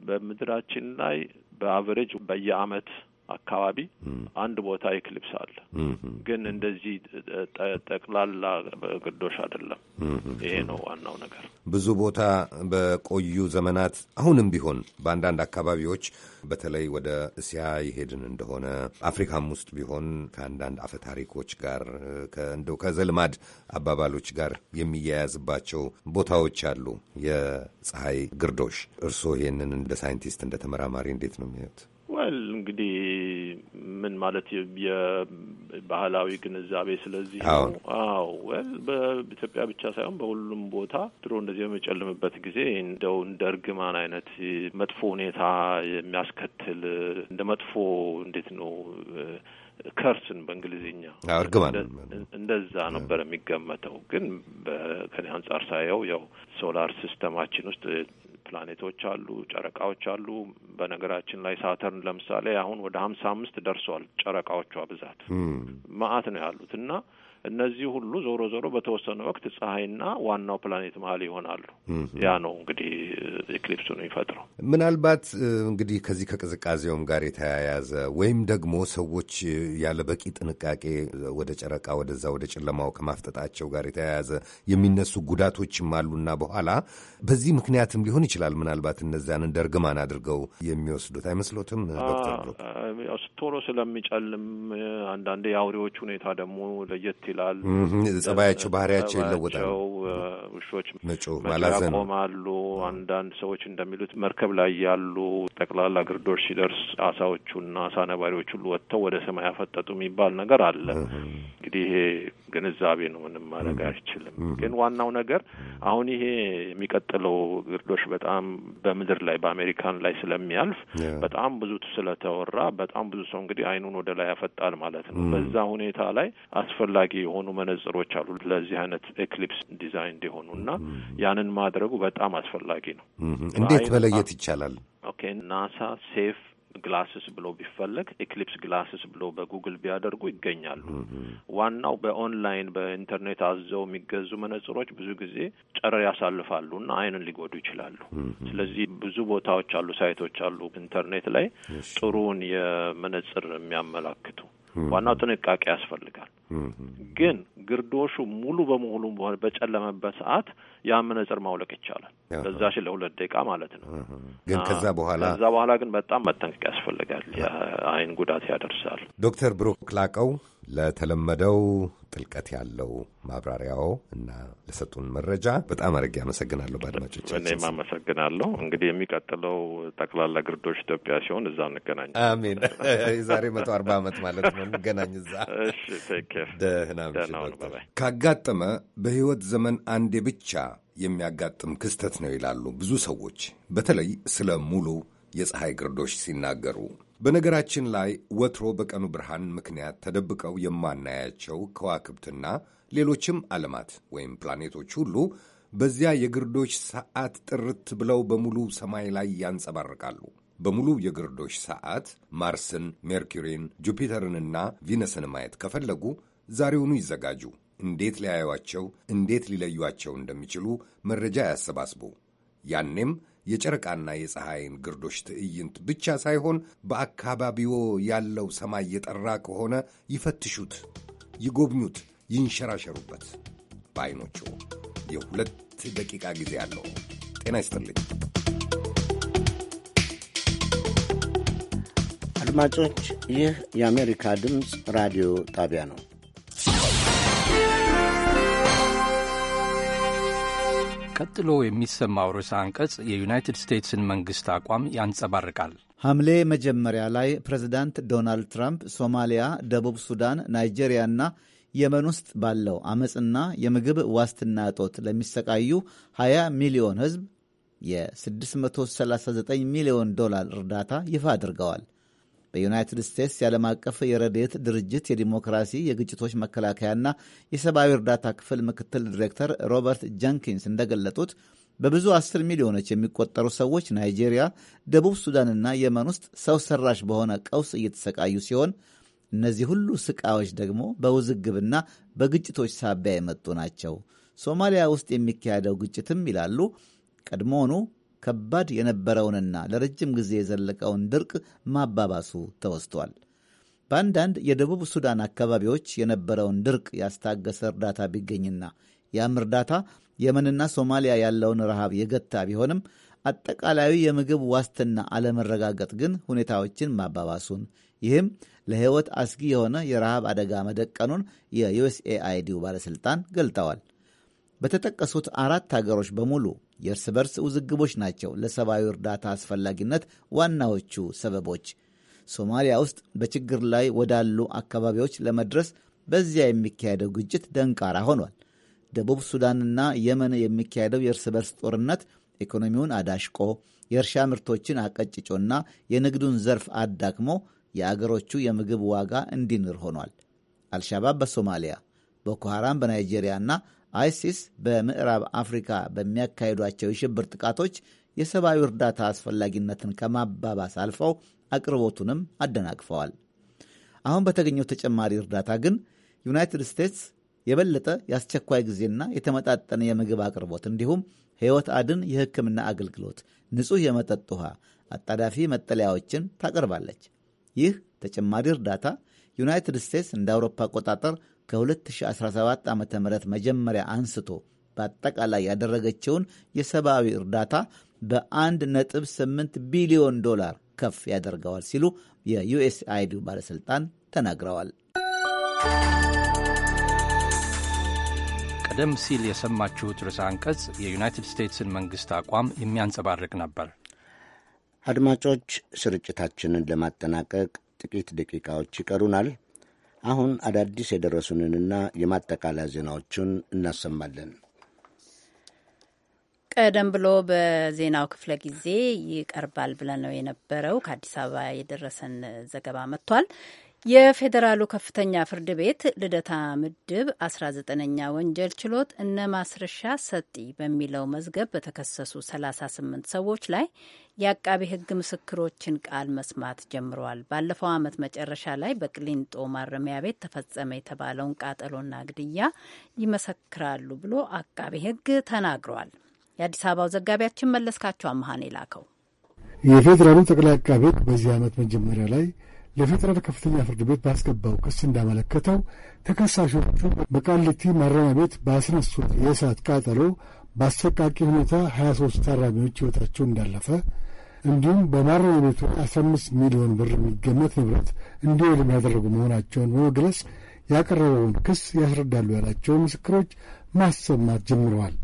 በምድራችን ላይ በአቨሬጅ በየአመት አካባቢ አንድ ቦታ ኢክሊፕስ አለ። ግን እንደዚህ ጠቅላላ ግዶሽ አይደለም። ይሄ ነው ዋናው ነገር። ብዙ ቦታ በቆዩ ዘመናት አሁንም ቢሆን በአንዳንድ አካባቢዎች በተለይ ወደ እስያ የሄድን እንደሆነ አፍሪካም ውስጥ ቢሆን ከአንዳንድ አፈ ታሪኮች ጋር እንደው ከዘልማድ አባባሎች ጋር የሚያያዝባቸው ቦታዎች አሉ። የፀሐይ ግርዶሽ እርስዎ ይሄንን እንደ ሳይንቲስት እንደ ተመራማሪ እንዴት ነው የሚያዩት? ወል እንግዲህ ምን ማለት የባህላዊ ግንዛቤ ስለዚህ ነው። አዎ በኢትዮጵያ ብቻ ሳይሆን በሁሉም ቦታ ድሮ እንደዚህ በሚጨልምበት ጊዜ እንደው እንደ እርግማን አይነት መጥፎ ሁኔታ የሚያስከትል እንደ መጥፎ እንዴት ነው ከርስን በእንግሊዝኛ እንደዛ ነበር የሚገመተው። ግን ከኔ አንጻር ሳየው ያው ሶላር ሲስተማችን ውስጥ ፕላኔቶች አሉ፣ ጨረቃዎች አሉ። በነገራችን ላይ ሳተርን ለምሳሌ አሁን ወደ ሀምሳ አምስት ደርሷል ጨረቃዎቿ ብዛት ማአት ነው ያሉት እና እነዚህ ሁሉ ዞሮ ዞሮ በተወሰነ ወቅት ፀሐይና ዋናው ፕላኔት መሀል ይሆናሉ። ያ ነው እንግዲህ ኤክሊፕሱን የሚፈጥረው። ምናልባት እንግዲህ ከዚህ ከቅዝቃዜውም ጋር የተያያዘ ወይም ደግሞ ሰዎች ያለ በቂ ጥንቃቄ ወደ ጨረቃ ወደዛ ወደ ጨለማው ከማፍጠጣቸው ጋር የተያያዘ የሚነሱ ጉዳቶችም አሉና በኋላ በዚህ ምክንያትም ሊሆን ይችላል ምናልባት እነዚያን እንደ እርግማን አድርገው የሚወስዱት አይመስሎትም? ዶክተር ቶሎ ስለሚጨልም አንዳንዴ የአውሬዎች ሁኔታ ደግሞ ለየት ይችላል። ጸባያቸው፣ ባህሪያቸው ይለወጣል። ውሾች ያቆማሉ። አንዳንድ ሰዎች እንደሚሉት መርከብ ላይ ያሉ ጠቅላላ ግርዶች ሲደርስ አሳዎቹና አሳ ነባሪዎች ሁሉ ወጥተው ወደ ሰማይ ያፈጠጡ የሚባል ነገር አለ። እንግዲህ ይሄ ግንዛቤ ነው፣ ምንም ማድረግ አይችልም። ግን ዋናው ነገር አሁን ይሄ የሚቀጥለው ግርዶች በጣም በምድር ላይ በአሜሪካን ላይ ስለሚያልፍ በጣም ብዙ ስለተወራ በጣም ብዙ ሰው እንግዲህ አይኑን ወደ ላይ ያፈጣል ማለት ነው። በዛ ሁኔታ ላይ አስፈላጊ የሆኑ መነጽሮች አሉ ለዚህ አይነት ኤክሊፕስ ዲዛይን እንዲሆኑ እና ያንን ማድረጉ በጣም አስፈላጊ ነው። እንዴት መለየት ይቻላል? ኦኬ ናሳ ሴፍ ግላስስ ብሎ ቢፈለግ ኤክሊፕስ ግላስስ ብሎ በጉግል ቢያደርጉ ይገኛሉ። ዋናው በኦንላይን በኢንተርኔት አዘው የሚገዙ መነጽሮች ብዙ ጊዜ ጨረር ያሳልፋሉ እና አይንን ሊጎዱ ይችላሉ። ስለዚህ ብዙ ቦታዎች አሉ፣ ሳይቶች አሉ ኢንተርኔት ላይ ጥሩውን የመነጽር የሚያመላክቱ ዋናው ጥንቃቄ ያስፈልጋል። ግን ግርዶሹ ሙሉ በመሆኑ በጨለመበት ሰዓት ያ መነጽር ማውለቅ ይቻላል። ለዛ ሽ ለሁለት ደቂቃ ማለት ነው። ግን ከዛ በኋላ ከዛ በኋላ ግን በጣም መጠንቀቅ ያስፈልጋል። የአይን ጉዳት ያደርሳል። ዶክተር ብሩክ ላቀው ለተለመደው ጥልቀት ያለው ማብራሪያው እና ለሰጡን መረጃ በጣም አድርጌ አመሰግናለሁ። በአድማጮች እኔም አመሰግናለሁ። እንግዲህ የሚቀጥለው ጠቅላላ ግርዶች ኢትዮጵያ ሲሆን እዛ እንገናኝ። አሜን። የዛሬ መቶ አርባ ዓመት ማለት ነው። እንገናኝ እዛ። ደህና ካጋጠመ በህይወት ዘመን አንዴ ብቻ የሚያጋጥም ክስተት ነው ይላሉ ብዙ ሰዎች፣ በተለይ ስለ ሙሉ የፀሐይ ግርዶች ሲናገሩ በነገራችን ላይ ወትሮ በቀኑ ብርሃን ምክንያት ተደብቀው የማናያቸው ከዋክብትና ሌሎችም ዓለማት ወይም ፕላኔቶች ሁሉ በዚያ የግርዶሽ ሰዓት ጥርት ብለው በሙሉ ሰማይ ላይ ያንጸባርቃሉ። በሙሉ የግርዶሽ ሰዓት ማርስን፣ ሜርኩሪን፣ ጁፒተርንና ቪነስን ማየት ከፈለጉ ዛሬውኑ ይዘጋጁ። እንዴት ሊያዩቸው፣ እንዴት ሊለዩቸው እንደሚችሉ መረጃ ያሰባስቡ። ያኔም የጨረቃና የፀሐይን ግርዶሽ ትዕይንት ብቻ ሳይሆን በአካባቢዎ ያለው ሰማይ የጠራ ከሆነ ይፈትሹት፣ ይጎብኙት፣ ይንሸራሸሩበት። በአይኖቹ የሁለት ደቂቃ ጊዜ አለው። ጤና ይስጥልኝ አድማጮች፣ ይህ የአሜሪካ ድምፅ ራዲዮ ጣቢያ ነው። ቀጥሎ የሚሰማው ርዕሰ አንቀጽ የዩናይትድ ስቴትስን መንግሥት አቋም ያንጸባርቃል። ሐምሌ መጀመሪያ ላይ ፕሬዚዳንት ዶናልድ ትራምፕ ሶማሊያ፣ ደቡብ ሱዳን፣ ናይጄሪያና የመን ውስጥ ባለው አመፅና የምግብ ዋስትና እጦት ለሚሰቃዩ 20 ሚሊዮን ሕዝብ የ639 ሚሊዮን ዶላር እርዳታ ይፋ አድርገዋል። በዩናይትድ ስቴትስ የዓለም አቀፍ የረድኤት ድርጅት የዲሞክራሲ የግጭቶች መከላከያና የሰብአዊ እርዳታ ክፍል ምክትል ዲሬክተር ሮበርት ጀንኪንስ እንደገለጡት በብዙ አስር ሚሊዮኖች የሚቆጠሩ ሰዎች ናይጄሪያ፣ ደቡብ ሱዳንና የመን ውስጥ ሰው ሰራሽ በሆነ ቀውስ እየተሰቃዩ ሲሆን እነዚህ ሁሉ ስቃዎች ደግሞ በውዝግብና በግጭቶች ሳቢያ የመጡ ናቸው። ሶማሊያ ውስጥ የሚካሄደው ግጭትም ይላሉ ቀድሞውኑ ከባድ የነበረውንና ለረጅም ጊዜ የዘለቀውን ድርቅ ማባባሱ ተወስቷል። በአንዳንድ የደቡብ ሱዳን አካባቢዎች የነበረውን ድርቅ ያስታገሰ እርዳታ ቢገኝና ያም እርዳታ የመንና ሶማሊያ ያለውን ረሃብ የገታ ቢሆንም አጠቃላዩ የምግብ ዋስትና አለመረጋገጥ ግን ሁኔታዎችን ማባባሱን ይህም ለሕይወት አስጊ የሆነ የረሃብ አደጋ መደቀኑን የዩኤስኤአይዲው ባለሥልጣን ገልጠዋል። በተጠቀሱት አራት አገሮች በሙሉ የእርስ በርስ ውዝግቦች ናቸው ለሰብአዊ እርዳታ አስፈላጊነት ዋናዎቹ ሰበቦች። ሶማሊያ ውስጥ በችግር ላይ ወዳሉ አካባቢዎች ለመድረስ በዚያ የሚካሄደው ግጭት ደንቃራ ሆኗል። ደቡብ ሱዳንና የመን የሚካሄደው የእርስ በርስ ጦርነት ኢኮኖሚውን አዳሽቆ የእርሻ ምርቶችን አቀጭጮና የንግዱን ዘርፍ አዳክሞ የአገሮቹ የምግብ ዋጋ እንዲንር ሆኗል። አልሻባብ በሶማሊያ ቦኮ ሐራም በናይጄሪያና አይሲስ በምዕራብ አፍሪካ በሚያካሂዷቸው የሽብር ጥቃቶች የሰብአዊ እርዳታ አስፈላጊነትን ከማባባስ አልፈው አቅርቦቱንም አደናቅፈዋል። አሁን በተገኘው ተጨማሪ እርዳታ ግን ዩናይትድ ስቴትስ የበለጠ የአስቸኳይ ጊዜና የተመጣጠነ የምግብ አቅርቦት እንዲሁም ሕይወት አድን የሕክምና አገልግሎት፣ ንጹሕ የመጠጥ ውሃ፣ አጣዳፊ መጠለያዎችን ታቀርባለች። ይህ ተጨማሪ እርዳታ ዩናይትድ ስቴትስ እንደ አውሮፓ አቆጣጠር ከ2017 ዓ ም መጀመሪያ አንስቶ በአጠቃላይ ያደረገችውን የሰብአዊ እርዳታ በ1.8 ቢሊዮን ዶላር ከፍ ያደርገዋል ሲሉ የዩኤስአይዲ ባለሥልጣን ተናግረዋል። ቀደም ሲል የሰማችሁት ርዕሰ አንቀጽ የዩናይትድ ስቴትስን መንግሥት አቋም የሚያንጸባርቅ ነበር። አድማጮች፣ ስርጭታችንን ለማጠናቀቅ ጥቂት ደቂቃዎች ይቀሩናል። አሁን አዳዲስ የደረሱንንና የማጠቃለያ ዜናዎቹን እናሰማለን። ቀደም ብሎ በዜናው ክፍለ ጊዜ ይቀርባል ብለን ነው የነበረው። ከአዲስ አበባ የደረሰን ዘገባ መጥቷል። የፌዴራሉ ከፍተኛ ፍርድ ቤት ልደታ ምድብ 19ኛ ወንጀል ችሎት እነ ማስረሻ ሰጢ በሚለው መዝገብ በተከሰሱ 38 ሰዎች ላይ የአቃቢ ሕግ ምስክሮችን ቃል መስማት ጀምረዋል። ባለፈው ዓመት መጨረሻ ላይ በቅሊንጦ ማረሚያ ቤት ተፈጸመ የተባለውን ቃጠሎና ግድያ ይመሰክራሉ ብሎ አቃቢ ሕግ ተናግሯል። የአዲስ አበባው ዘጋቢያችን መለስካቸው አመሀን የላከው የፌዴራሉ ጠቅላይ አቃቢ ሕግ በዚህ ዓመት መጀመሪያ ላይ የፌዴራል ከፍተኛ ፍርድ ቤት ባስገባው ክስ እንዳመለከተው ተከሳሾቹ በቃሊቲ ማረሚያ ቤት ባስነሱት የእሳት ቃጠሎ በአሰቃቂ ሁኔታ 23 ታራሚዎች ሕይወታቸው እንዳለፈ እንዲሁም በማረሚያ ቤቱ 15 ሚሊዮን ብር የሚገመት ንብረት እንዲወድም ያደረጉ መሆናቸውን በመግለጽ ያቀረበውን ክስ ያስረዳሉ ያላቸውን ምስክሮች ማሰማት ጀምረዋል።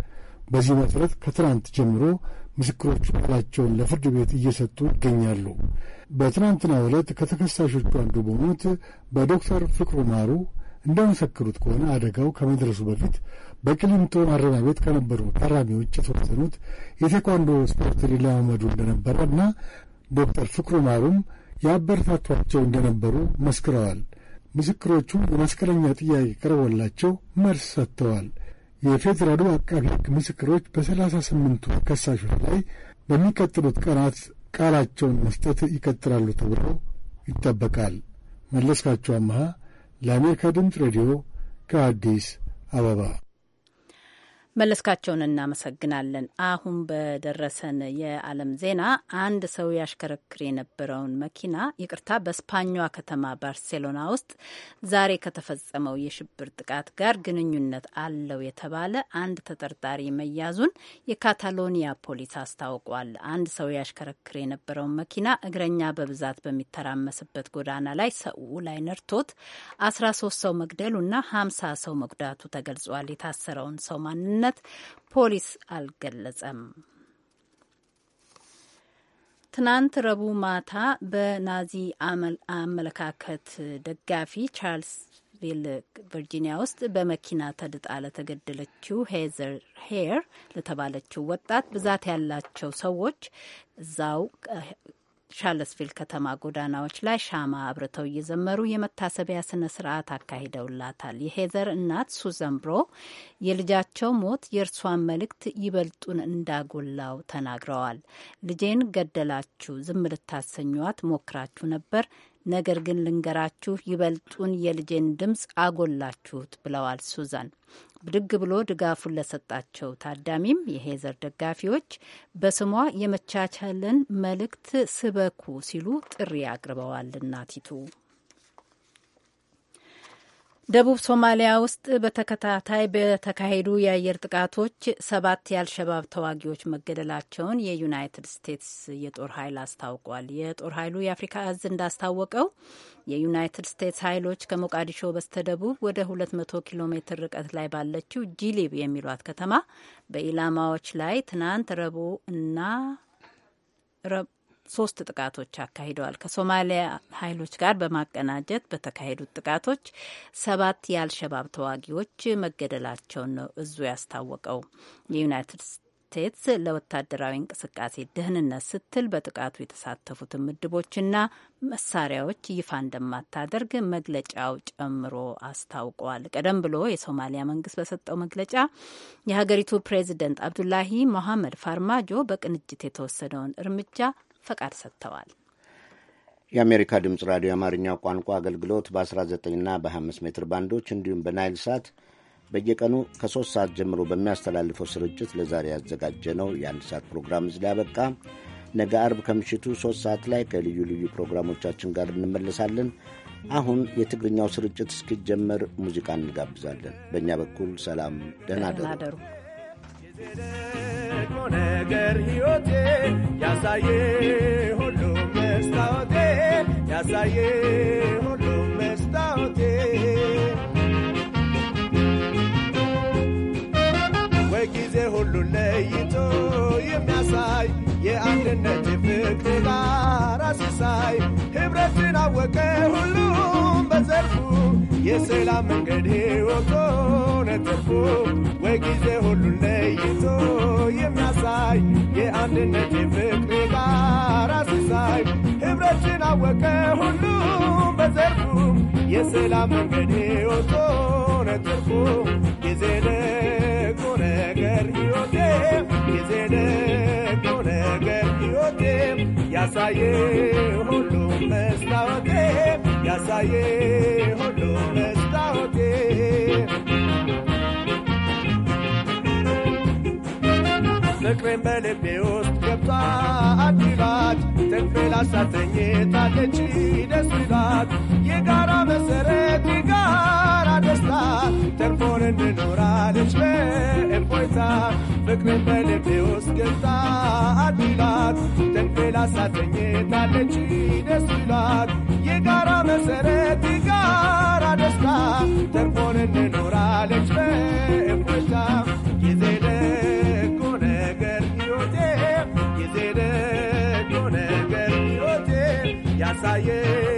በዚህ መሠረት ከትናንት ጀምሮ ምስክሮቹ ቃላቸውን ለፍርድ ቤት እየሰጡ ይገኛሉ። በትናንትናው ዕለት ከተከሳሾቹ አንዱ በሆኑት በዶክተር ፍቅሩ ማሩ እንደመሰክሩት ከሆነ አደጋው ከመድረሱ በፊት በቅሊንጦ ማረሚያ ቤት ከነበሩ ታራሚዎች የተወሰኑት የቴኳንዶ ስፖርት ሊለማመዱ እንደነበረ እና ዶክተር ፍቅሩ ማሩም ያበረታቷቸው እንደነበሩ መስክረዋል። ምስክሮቹ የመስቀለኛ ጥያቄ ቀርቦላቸው መልስ ሰጥተዋል። የፌዴራሉ አቃቢ ሕግ ምስክሮች በሰላሳ ስምንቱ ተከሳሾች ላይ በሚቀጥሉት ቀናት ቃላቸውን መስጠት ይቀጥላሉ ተብሎ ይጠበቃል። መለስካቸው አመሃ ለአሜሪካ ድምፅ ሬዲዮ ከአዲስ አበባ መለስካቸውን እናመሰግናለን። አሁን በደረሰን የዓለም ዜና አንድ ሰው ያሽከረክር የነበረውን መኪና ይቅርታ፣ በስፓኛ ከተማ ባርሴሎና ውስጥ ዛሬ ከተፈጸመው የሽብር ጥቃት ጋር ግንኙነት አለው የተባለ አንድ ተጠርጣሪ መያዙን የካታሎኒያ ፖሊስ አስታውቋል። አንድ ሰው ያሽከረክር የነበረውን መኪና እግረኛ በብዛት በሚተራመስበት ጎዳና ላይ ሰው ላይ ነርቶት አስራ ሶስት ሰው መግደሉና ሀምሳ ሰው መጉዳቱ ተገልጿል። የታሰረውን ሰው ማንነት ምንነት ፖሊስ አልገለጸም። ትናንት ረቡዕ ማታ በናዚ አመለካከት ደጋፊ ቻርልስ ቪል ቨርጂኒያ ውስጥ በመኪና ተድጣ ለተገደለችው ሄዘር ሄር ለተባለችው ወጣት ብዛት ያላቸው ሰዎች እዛው ሻለስፊል ከተማ ጎዳናዎች ላይ ሻማ አብርተው እየዘመሩ የመታሰቢያ ስነ ስርዓት አካሂደውላታል። የሄዘር እናት ሱዘን ብሮ የልጃቸው ሞት የእርሷን መልእክት ይበልጡን እንዳጎላው ተናግረዋል። ልጄን ገደላችሁ፣ ዝም ልታሰኟት ሞክራችሁ ነበር ነገር ግን ልንገራችሁ፣ ይበልጡን የልጄን ድምፅ አጎላችሁት ብለዋል ሱዛን። ብድግ ብሎ ድጋፉን ለሰጣቸው ታዳሚም የሄዘር ደጋፊዎች በስሟ የመቻቻልን መልእክት ስበኩ ሲሉ ጥሪ አቅርበዋል እናቲቱ ደቡብ ሶማሊያ ውስጥ በተከታታይ በተካሄዱ የአየር ጥቃቶች ሰባት የአልሸባብ ተዋጊዎች መገደላቸውን የዩናይትድ ስቴትስ የጦር ኃይል አስታውቋል። የጦር ኃይሉ የአፍሪካ እዝ እንዳስታወቀው የዩናይትድ ስቴትስ ኃይሎች ከሞቃዲሾ በስተደቡብ ወደ 200 ኪሎ ሜትር ርቀት ላይ ባለችው ጂሊብ የሚሏት ከተማ በኢላማዎች ላይ ትናንት ረቡዕ እና ሶስት ጥቃቶች አካሂደዋል። ከሶማሊያ ኃይሎች ጋር በማቀናጀት በተካሄዱት ጥቃቶች ሰባት የአልሸባብ ተዋጊዎች መገደላቸውን ነው እዙ ያስታወቀው። የዩናይትድ ስቴትስ ለወታደራዊ እንቅስቃሴ ደህንነት ስትል በጥቃቱ የተሳተፉትን ምድቦችና መሳሪያዎች ይፋ እንደማታደርግ መግለጫው ጨምሮ አስታውቋል። ቀደም ብሎ የሶማሊያ መንግስት በሰጠው መግለጫ የሀገሪቱ ፕሬዚደንት አብዱላሂ ሞሐመድ ፋርማጆ በቅንጅት የተወሰደውን እርምጃ ፈቃድ ሰጥተዋል። የአሜሪካ ድምፅ ራዲዮ የአማርኛ ቋንቋ አገልግሎት በ19ና በ25 ሜትር ባንዶች እንዲሁም በናይል ሳት በየቀኑ ከሶስት ሰዓት ጀምሮ በሚያስተላልፈው ስርጭት ለዛሬ ያዘጋጀ ነው የአንድ ሰዓት ፕሮግራም እዚህ ላይ ነገ አርብ ከምሽቱ ሶስት ሰዓት ላይ ከልዩ ልዩ ፕሮግራሞቻችን ጋር እንመለሳለን። አሁን የትግርኛው ስርጭት እስኪጀመር ሙዚቃ እንጋብዛለን። በእኛ በኩል ሰላም፣ ደህና ደሩ። ነገር ሕይወቴ ያሳየ ሁሉም መስታወቴ ያሳየ ሁሉም መስታወቴ ወይ ጊዜ ሁሉን ለይቶ የሚያሳይ የአንድነት ፍቅር ሳይ ኅብረትን አወቀ ሁሉም በዘርፉ የሰላም መንገድ ሕይወቶ በጊዜ ሁሉን ለይቶ የሚያሳይ የአንድነት የፍቅር ባራስ አወቀ ሁሉም በዘርፉ የሰላም መንገድ ሕይወቶ ነትርፉ የዘለቆ ነገር ሕይወቴ የዘለቆ ነገር ያሳየ ሁሉም መስታወቴ ዛሬም በልቤ ውስጥ ገብቷ አዲባት ትንፍል ታለች ደስ ይላት የጋራ መሰረት የጋራ ደስታ ተርፎን እንኖራለች በእፎይታ ፍቅርን በልቤ ውስጥ ገብታ አዲላት ትንፍል አሳተኝታለች ደስ ይላት የጋራ መሰረት የጋራ ደስታ ተርፎን እንኖራለች በእፎይታ Yeah.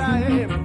I am.